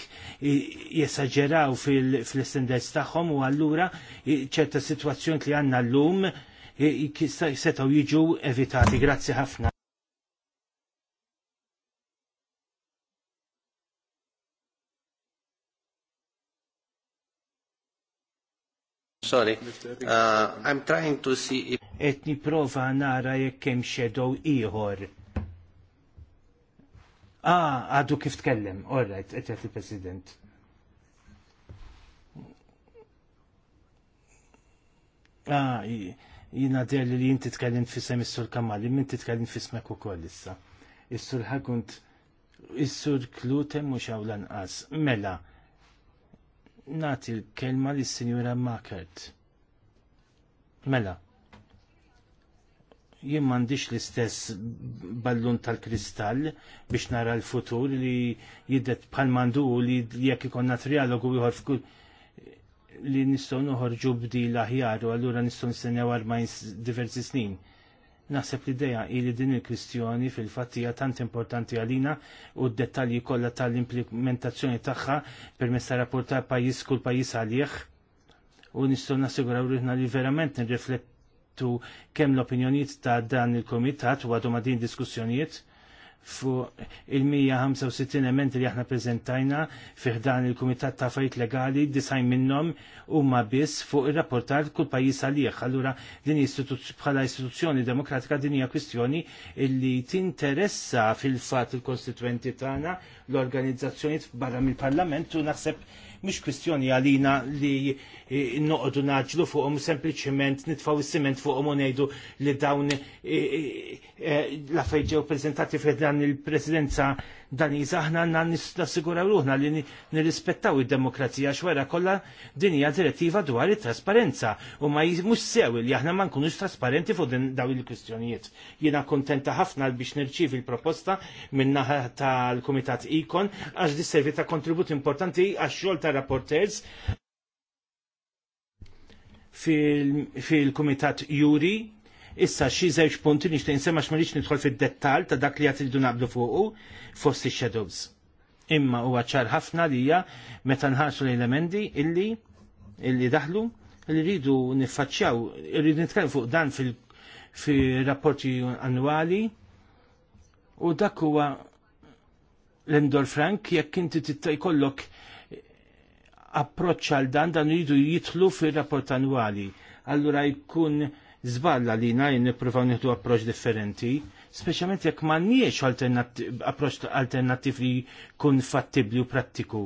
jesagġeraw fil-standards tagħhom u allura ċerta situazzjoni li għanna l-lum setaw jiġu evitati. Grazzi ħafna. Sorry, uh, I'm trying to see if... Et prova nara jekk hemm xedow ieħor. Ah, għadu kif tkellem, all right, et jati president Ah, jina der li jinti tkellim fi sem is-sur Kamali, min titkellim fissmek u ukoll issa. Is-sur ħakunt is-sur Klute mhux as, Mela, nati l-kelma li s-Sinjura Makert. Mela, jien m'għandix l-istess ballun tal-kristall biex nara l-futur li jiddet bħal mandu li jekk ikonna trialogu ieħor f'kull li nistgħu noħorġu bdil aħjar u allura nistgħu nistennew 40 diversi snin. Naħseb li ideja li din il-kwistjoni fil-fattija tant importanti għalina u d-dettalji kollha tal-implementazzjoni tagħha permezz ta' rapportar pajjiż kull pajjiż għalih u nistgħu nassiguraw riħna li verament nirriflettu kemm l-opinjonijiet ta' dan il-komitat u għadhom għadin diskussjonijiet fuq il-165 emendi li aħna prezentajna fiħdan il-Kumitat ta' Fajt Legali, disajn minnom u ma biss fuq il-rapportar kull pajis għalih. Allura din bħala istituzzjoni demokratika din hija kwistjoni li tinteressa fil-fat il-konstituenti tagħna l-organizzazzjoni barra mill-Parlament u naħseb mhux kwistjoni għalina li eh, noqogħdu naġlu fuqhom sempliċiment nitfgħu is-siment fuqhom u ngħidu li dawn eh, eh, l-affarijiet ġew preżentati f'dan il-presidenza Dan jizahna għanna nassigura ruħna li nirrispettaw id-demokrazija xwera kollha din hija direttiva dwar it-trasparenza u ma mhux sew li aħna ma nkunux trasparenti fuq din daw il-kwistjonijiet. Jiena kontenta ħafna biex nirċiv l-proposta minna naħa tal-Kumitat Ikon għax servi ta' kontribut importanti għax-xogħol ta' rapporters fil-Kumitat fil Juri Issa xi żewġ punti nixtieq insema x'milix nidħol fid-dettall ta' dak li qed iridu naqblu fuqu fost ix-shadows. Imma huwa ċar ħafna li hija meta nħarsu l-elementi illi illi daħlu li rridu niffaċċjaw, rridu nitkellmu fuq dan fil-rapporti annwali u dak huwa l-Endor Frank jekk inti titta jkollok approċċ għal dan dan rridu jitlu fir-rapport annwali. Allura jkun zballa li naj nippruvaw nieħdu approċ differenti, speċjalment jekk ma alternattiv approċ alternativ li jkun fattibli u prattiku.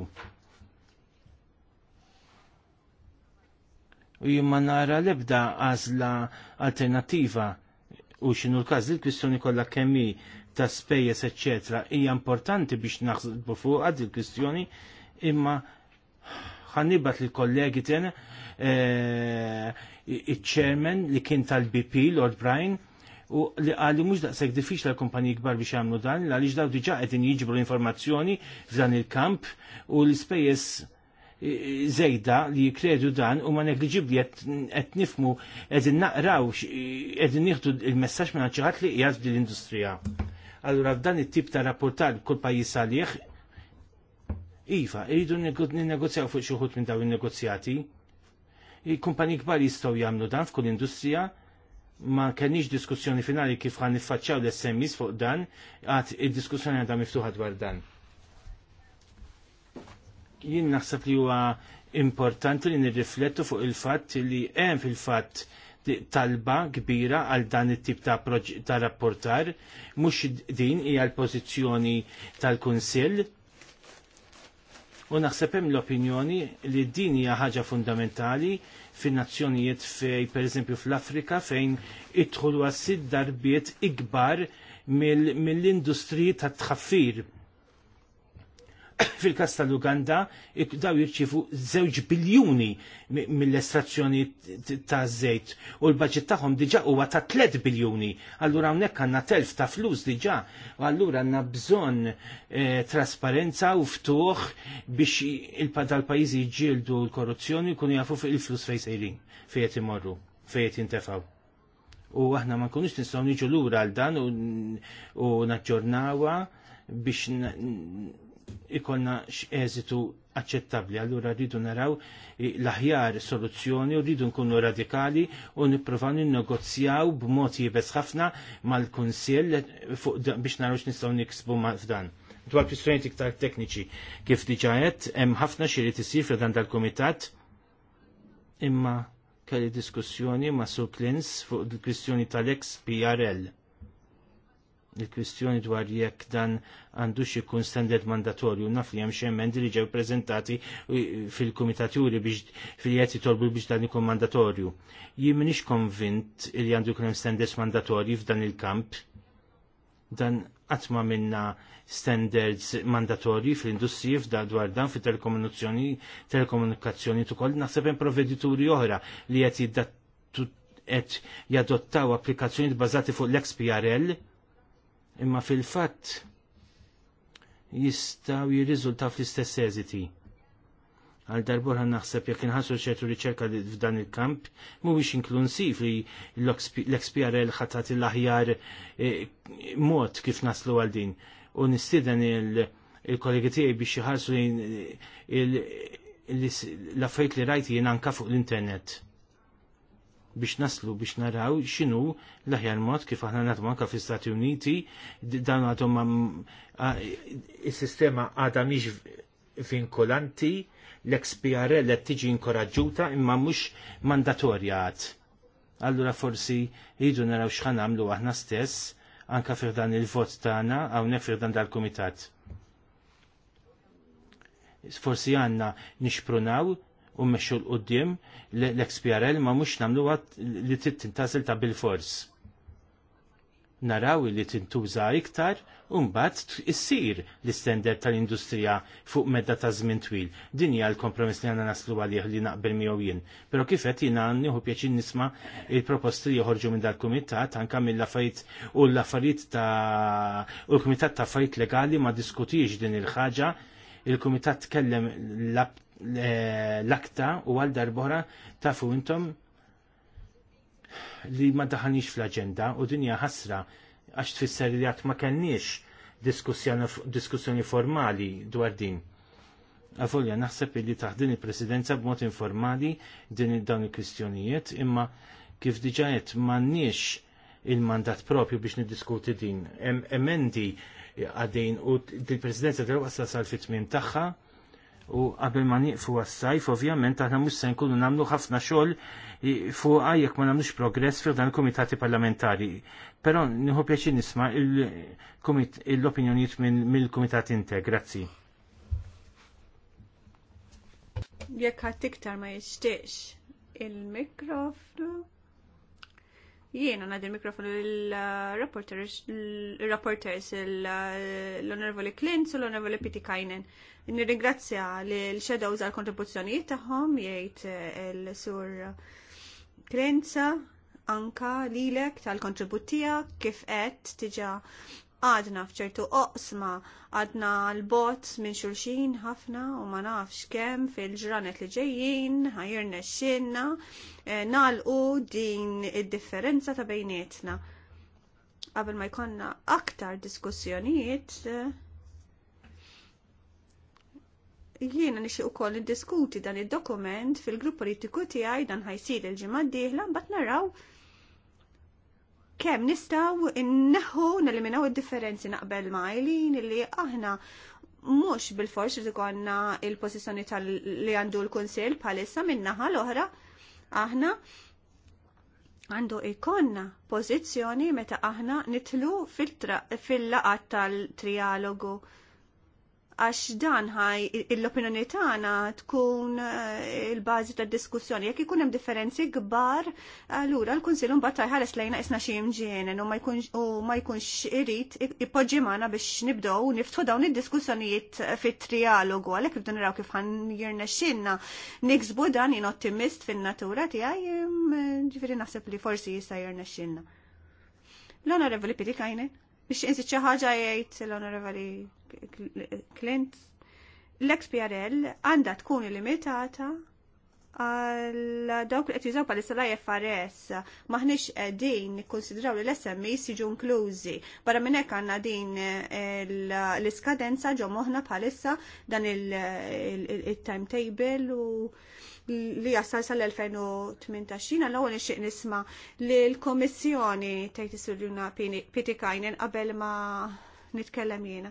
U jimma nara l-ebda għażla alternattiva u x'inhu l-każ li l-kwistjoni kollha kemm hi ta' spejjeż eċċetera hija importanti biex naħsbu fuq għad il-kwistjoni imma ħannibat li kollegi ten eh, il-chairman li kien tal-BP, Lord Brian, u li għalli mux daqseg diffiċ tal kumpaniji kbar biex għamlu dan, għalli daw diġa għedin jiġbru l-informazzjoni f'dan il-kamp u l-spejjes zejda e, li jikredu dan u ma li għed nifmu għedin naqraw għedin nieħdu il-messax minna ċaħat li jgħazbi l-industrija. Allura f'dan it-tip ta' rapportar kull pajis għalieħ, Iva, irridu negozjaw fuq xuħut minn daw il-negozjati, il-kumpani kbar jistgħu jagħmlu dan f'kull industrija ma kenniex diskussjoni finali kif għan nifacċaw l-SMIs fuq dan, għad id-diskussjoni għadha miftuħa dwar dan. Jien naħseb li huwa importanti li nirriflettu fuq il-fatt li hemm fil-fatt talba kbira għal dan it-tip ta', ta rapportar, mhux din hija l-pożizzjoni tal-Kunsill, U naħseb hemm l-opinjoni li din hija ħaġa fundamentali fin-nazzjonijiet fej pereżempju fl-Afrika fejn idħulu għas darbiet ikbar mill-industriji tat tħaffir (coughs) fil-kas tal-Uganda daw jirċifu 2 biljuni mill-estrazzjoni ta' żejt u l-budget tagħhom diġà huwa ta' 3 biljuni. Allura hawnhekk għandna telf ta' flus diġà u allura għandna bżonn eh, trasparenza u ftuħ biex il-pajjiżi jġildu l-korruzzjoni kun jafu il-flus fejn sejrin fejn qed imorru fejn qed jintefgħu u aħna ma nkunux nistgħu niġu lura għal dan u naġġornawha biex Ikonna x'eżitu aċċettabbli. Allura rridu naraw l-aħjar soluzzjoni u rridu nkunu radikali u nippruvaw ninnegozjaw b'mod jibes ħafna mal-Kunsill biex naraw nistgħu niksbu ma' f'dan. Dwar kwistjonijiet iktar tekniċi kif diġajet, qed hemm ħafna xi jrid isir f'dan tal-kumitat imma kelli diskussjoni ma' Sur fuq il-kwistjoni tal-ex PRL il-kwistjoni dwar jekk dan għandux ikun standard mandatorju naf li hemm mendi li ġew prezentati e, fil-kumitaturi biex fil-jed jitolbu biex dan ikun mandatorju. Jien m'iniex konvint li għandu jkun hemm mandatorju f'dan il-kamp dan qatt ma minna standards mandatorji fl industri f'da dwar dan fit telekomunikazzjoni telekomunikazzjoni tukoll naħseb hemm provvedituri oħra li qed qed jadottaw applikazzjoni bbażati fuq l-XPRL imma fil-fatt jistaw jirriżulta fl-istess eżiti. Għal darbor għan naħseb jek nħassu ċertu riċerka f'dan il-kamp, mhuwiex inklunsif li l-XPRL ħatat l-aħjar e, mod kif naslu għal din. U nistieden il-kollegi tiegħi biex jħarsu l-affajt li rajti jien anka fuq l-internet biex naslu biex naraw xinu l-aħjar mod kif aħna nagħtu anke fl-Istati Uniti dan għadhom is-sistema għadha mhix vinkolanti l-XPRL qed tiġi inkoraġġuta imma mhux mandatorja għad. Allura forsi jridu naraw x'ħan nagħmlu aħna stess anke fir dan il-vot tagħna hawnhekk fir dan dal-kumitat. Forsi għandna nixprunaw u mmexxu l-qoddim l-XPRL ma mhux nagħmluha li tintażel ta' bil-fors. Naraw li tintuża iktar u mbagħad issir l-istender tal-industrija fuq medda ta' żmien twil. Din hija l kompromiss li għandna naslu għalih li naqbel miegħu jien. Però kif qed jiena nieħu pjaċin nisma' il-proposti li joħorġu minn dal-kumitat anke mill-affarijiet u l-affarijiet ta' u l-kumitat ta' affarijiet legali ma diskutix din il-ħaġa il-Kumitat tkellem l-akta u għal darbora tafu intom li ma daħanix fl-agenda u dinja ħasra għax tfisser li għat ma kellniex diskussjoni formali dwar din. Għavolja naħseb li taħdin il-presidenza b'mod informali din dawn il-kwistjonijiet imma kif diġajet manniex il-mandat propju biex niddiskuti din. Emendi għadin u il-presidenza d-għasla sal-fitmin taħħa u qabel ma nieqfu għas-sajf ovvjament aħna mhux se nkunu nagħmlu ħafna xogħol fuqha jekk ma nagħmlux progress fil dan il-kumitati parlamentari. Però nieħu pjaċi nisma' l-opinjonijiet mill-kumitat inter. Grazzi. Jekk ma jixtieqx il-mikrofonu. Jiena nadi il mikrofonu l-rapporters l-onorevoli Klintz u l-onorevoli Piti Kajnen. Nirringrazzja l-shadows l kontribuzzjonijiet tagħhom jgħid eh, l-sur Klinza anka lilek tal-kontribut kif qed tiġa għadna fċertu oqsma għadna l-bot minn xulxin ħafna u ma nafx kemm fil-ġranet li ġejjin ħajrna xinna eh, nalqu din id-differenza ta' bejnietna. Qabel ma jkonna aktar diskussjonijiet eh, jiena nixi u koll diskuti dan il-dokument fil-grupp politiku tijaj dan ħajsir il ġimgħa d dieħla bat naraw kem nistaw inneħu neliminaw id-differenzi naqbel ma' Eileen li aħna mux bil-forx li konna il posizjoni tal li għandu l-konsil palissa minnaħa l-oħra aħna għandu ikonna pozizjoni meta aħna nitlu fil-laqat tal-trialogu. Fil għax dan ħaj l-opinjoni tagħna tkun eh, il-bażi tad-diskussjoni. Jekk ikun hemm differenzi kbar, allura l-Kunsill mbagħad tajħares lejna isna xi imġienen u ma jkunx irid ipoġġi magħna biex nibdew niftħu dawn id-diskussjonijiet fit-trialogu għalhekk irdu naraw kif ħan jirnexxinna niksbu dan jien ottimist fin-natura tiegħi mm, ġifieri naħseb li forsi jista' jirnexxinna. L-Onorevoli Pitikajne, biex insiċċa ħaġa jgħid l-Onorevoli klient l-XPRL għandha tkun limitata għal dawk li qed jużaw bħalissa l frs maħniex qegħdin nikkonsidraw li l-SMEs jiġu inklużi. Barra minn hekk għandna din eh, l-iskadenza ġo moħħna bħalissa dan il-timetable u li jassal sal-2018 għal għu nixtieq nisma li l-Komissjoni tgħid isurjuna Pitikajnen qabel ma nitkellem jiena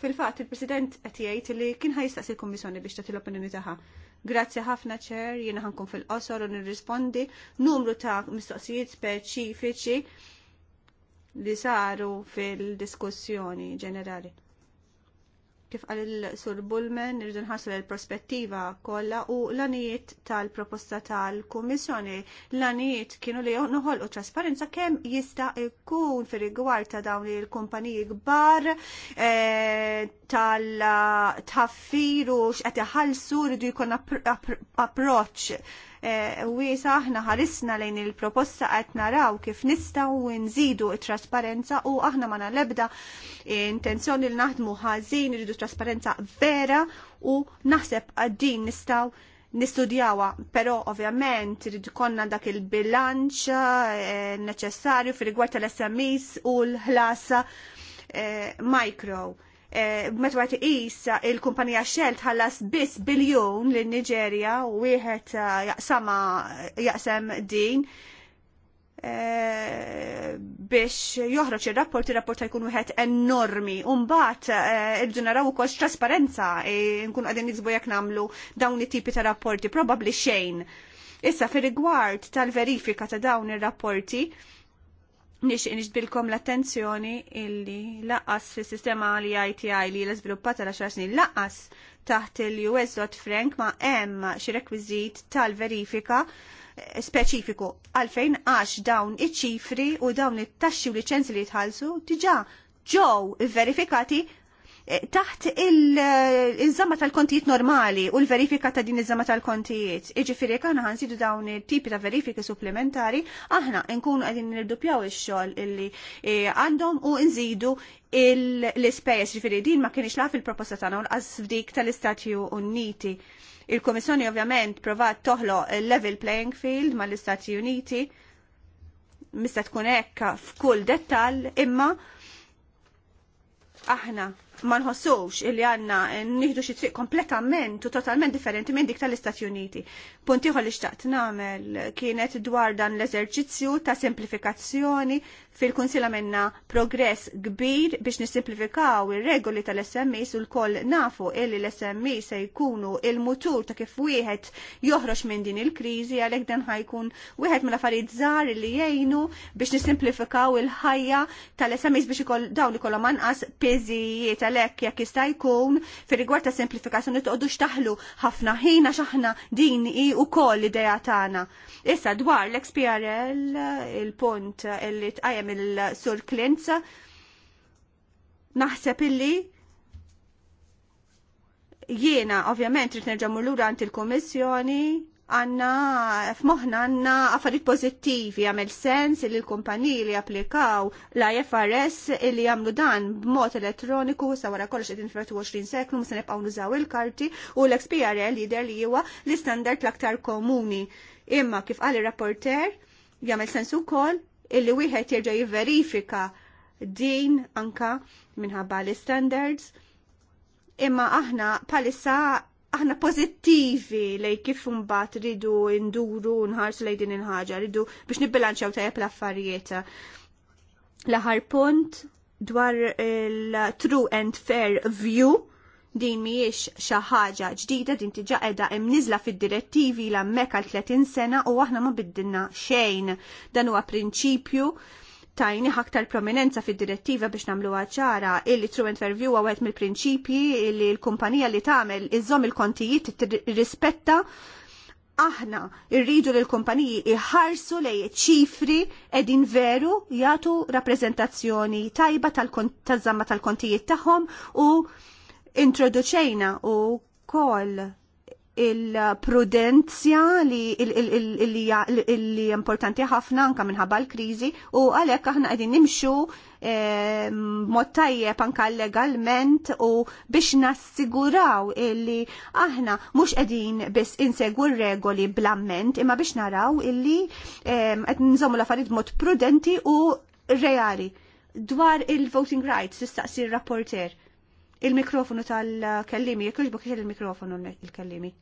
fil-fatt il-President qed jgħid li kien ħajstaqs il-Kummissjoni biex tagħti l-opinjoni tagħha. Grazzi ħafna ċer, jiena ħankun fil-qosor u nirrispondi numru ta' mistoqsijiet speċifiċi li saru fil-diskussjoni ġenerali. Kif għal il-Sur Bullman, irridu nħarsu l-prospettiva kollha u l-anijiet tal-proposta tal-Kummissjoni. L-anijiet kienu li u trasparenza kemm jista' jkun fir rigward ta' dawn il-kumpaniji kbar eh, tal-taffiru x'qed iħallsu rridu jkun approċċ Eh, wiesa aħna ħarisna lejn il-proposta qed naraw kif nistgħu nżidu t-trasparenza u aħna ma nalebda intenzjoni li naħdmu ħażin iridu trasparenza vera u naħseb għaddin nistgħu nistudjawa, però ovvjament irid konna dak il-bilanċ eh, neċessarju fir rigward tal-SMEs u l-ħlasa eh, micro. Eh, meta għati isa il-kumpanija Shell tħallas biss biljun lin niġerja u wieħed eh, jaqsama eh, jaqsem din biex joħroġ ir-rapport, ir-rapport jkun wieħed enormi. u mbagħad irġu naraw ukoll trasparenza nkun qegħdin niksbu jekk nagħmlu dawn it-tipi ta' rapporti, probabbli xejn. Issa fir rigward tal-verifika ta' dawn ir-rapporti, nix bilkom l-attenzjoni illi laqqas fis sistema li ITI li l-izviluppa tal-10 snin laqqas taħt il usfrank Frank ma' hemm xi rekwiżit tal-verifika eh, speċifiku għalfejn għax dawn iċ-ċifri u dawn it-taxxi u liċenzi li jitħallsu diġa' ġew verifikati Eh, taħt eh, il-żamma tal-kontijiet normali u l-verifika ta' din iż-żamma tal-kontijiet. Iġifieri kan ħansidu dawn it-tipi ta' verifiki supplementari, aħna nkunu qegħdin nirdupjaw ix-xogħol illi eh, għandhom u nżidu l-ispejjeż ġifiri din ma kienx laf il-proposta tagħna u l f'dik tal-Istati Uniti. Il-Komissjoni ovvjament provat toħlo level playing field mal-Istati Uniti mista tkun hekk f'kull dettal, imma aħna ma nħossux illi għanna eh, nħidu xi triq kompletament u totalment differenti minn dik tal-Istati Uniti. Punt ieħor li xtaqt nagħmel kienet dwar dan l-eżerċizzju ta' semplifikazzjoni fil-Kunsil għamilna progress kbir biex nisimplifikaw ir-regoli tal-SMEs u l-koll nafu illi l-SME se jkunu il-mutur ta' kif wieħed joħroġ minn din il-kriżi għalhekk dan ħajkun wieħed mill-affarijiet żgħar li jgħinu biex nisimplifikaw il-ħajja tal-SMEs biex dawn ikollhom anqas piżijiet għalhekk jekk jista' jkun fir-rigward ta' semplifikazzjoni toqgħodux taħlu ħafna ħin għax aħna din hi wkoll l idea tagħna. Issa dwar l-XPRL il-punt li tqajjem il-Sur Klintz naħseb illi jiena ovvjament trid nerġa' lura għand il-Kummissjoni għanna f'moħna għanna affarijiet pozittivi għamil sens li l-kumpaniji li applikaw la IFRS li jagħmlu dan b'mod elettroniku sa wara kollox qed 20 seklu musa nibqgħu nużaw il-karti u l-XPRL jidher li huwa l-istandard l-aktar komuni. Imma kif qal ir-rapporter jagħmel sens ukoll illi wieħed jerġa' jivverifika din anka minħabba l-standards imma aħna palissa aħna pozittivi lej kif mbagħad ridu nduru nħarsu lej din il-ħaġa, ridu biex nibbilanċaw tajjeb l-affarijiet. L-aħar punt dwar il-true and fair view din miex xi ħaġa ġdida din tiġa qiegħda hemm niżla fid-direttivi l hemmhekk għal 30 sena u aħna ma biddilna xejn. Dan huwa prinċipju tajni ħaktar prominenza fid direttiva biex namlu ċara illi tru interview għawet mill-prinċipi illi l-kumpanija li tagħmel iżom il-kontijiet rispetta aħna irridu l kumpaniji iħarsu lej ċifri edin veru jagħtu rappreżentazzjoni tajba tal-żamma tal-kontijiet tagħhom u introduċejna u koll il-prudenzja li li importanti ħafna anka minħabba l-kriżi u għalhekk aħna qegħdin nimxu eh, mod tajjeb anka legalment u biex nassiguraw illi aħna mhux qegħdin biss insegwu regoli blamment imma biex naraw illi eh, qed nżommu l-affarijiet mod prudenti u reali dwar il-voting rights tistaqsi r-rapporter il-mikrofonu tal-kellimi, jekk iġbok il-mikrofonu il-kellimi.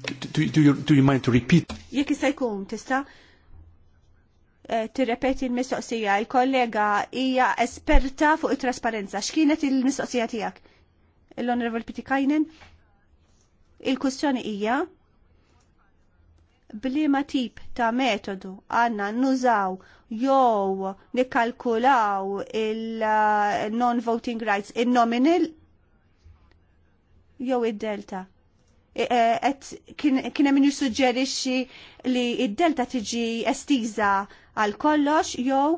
Do, do, you, do you mind to repeat? Jekk jista' jkun tista' eh, tirrepeti l-mistoqsija, il-kollega hija esperta fuq it-trasparenza. X'kienet il-mistoqsija tiegħek? L-Onorevol Pitikajnen, il kustjoni hija bliema tip ta' metodu għanna nużaw jew nikalkulaw il-non-voting uh, rights il-nominal jew id-delta. E, e, kien hemm jissuġġerixxi li id-delta tiġi estiża għal kollox jew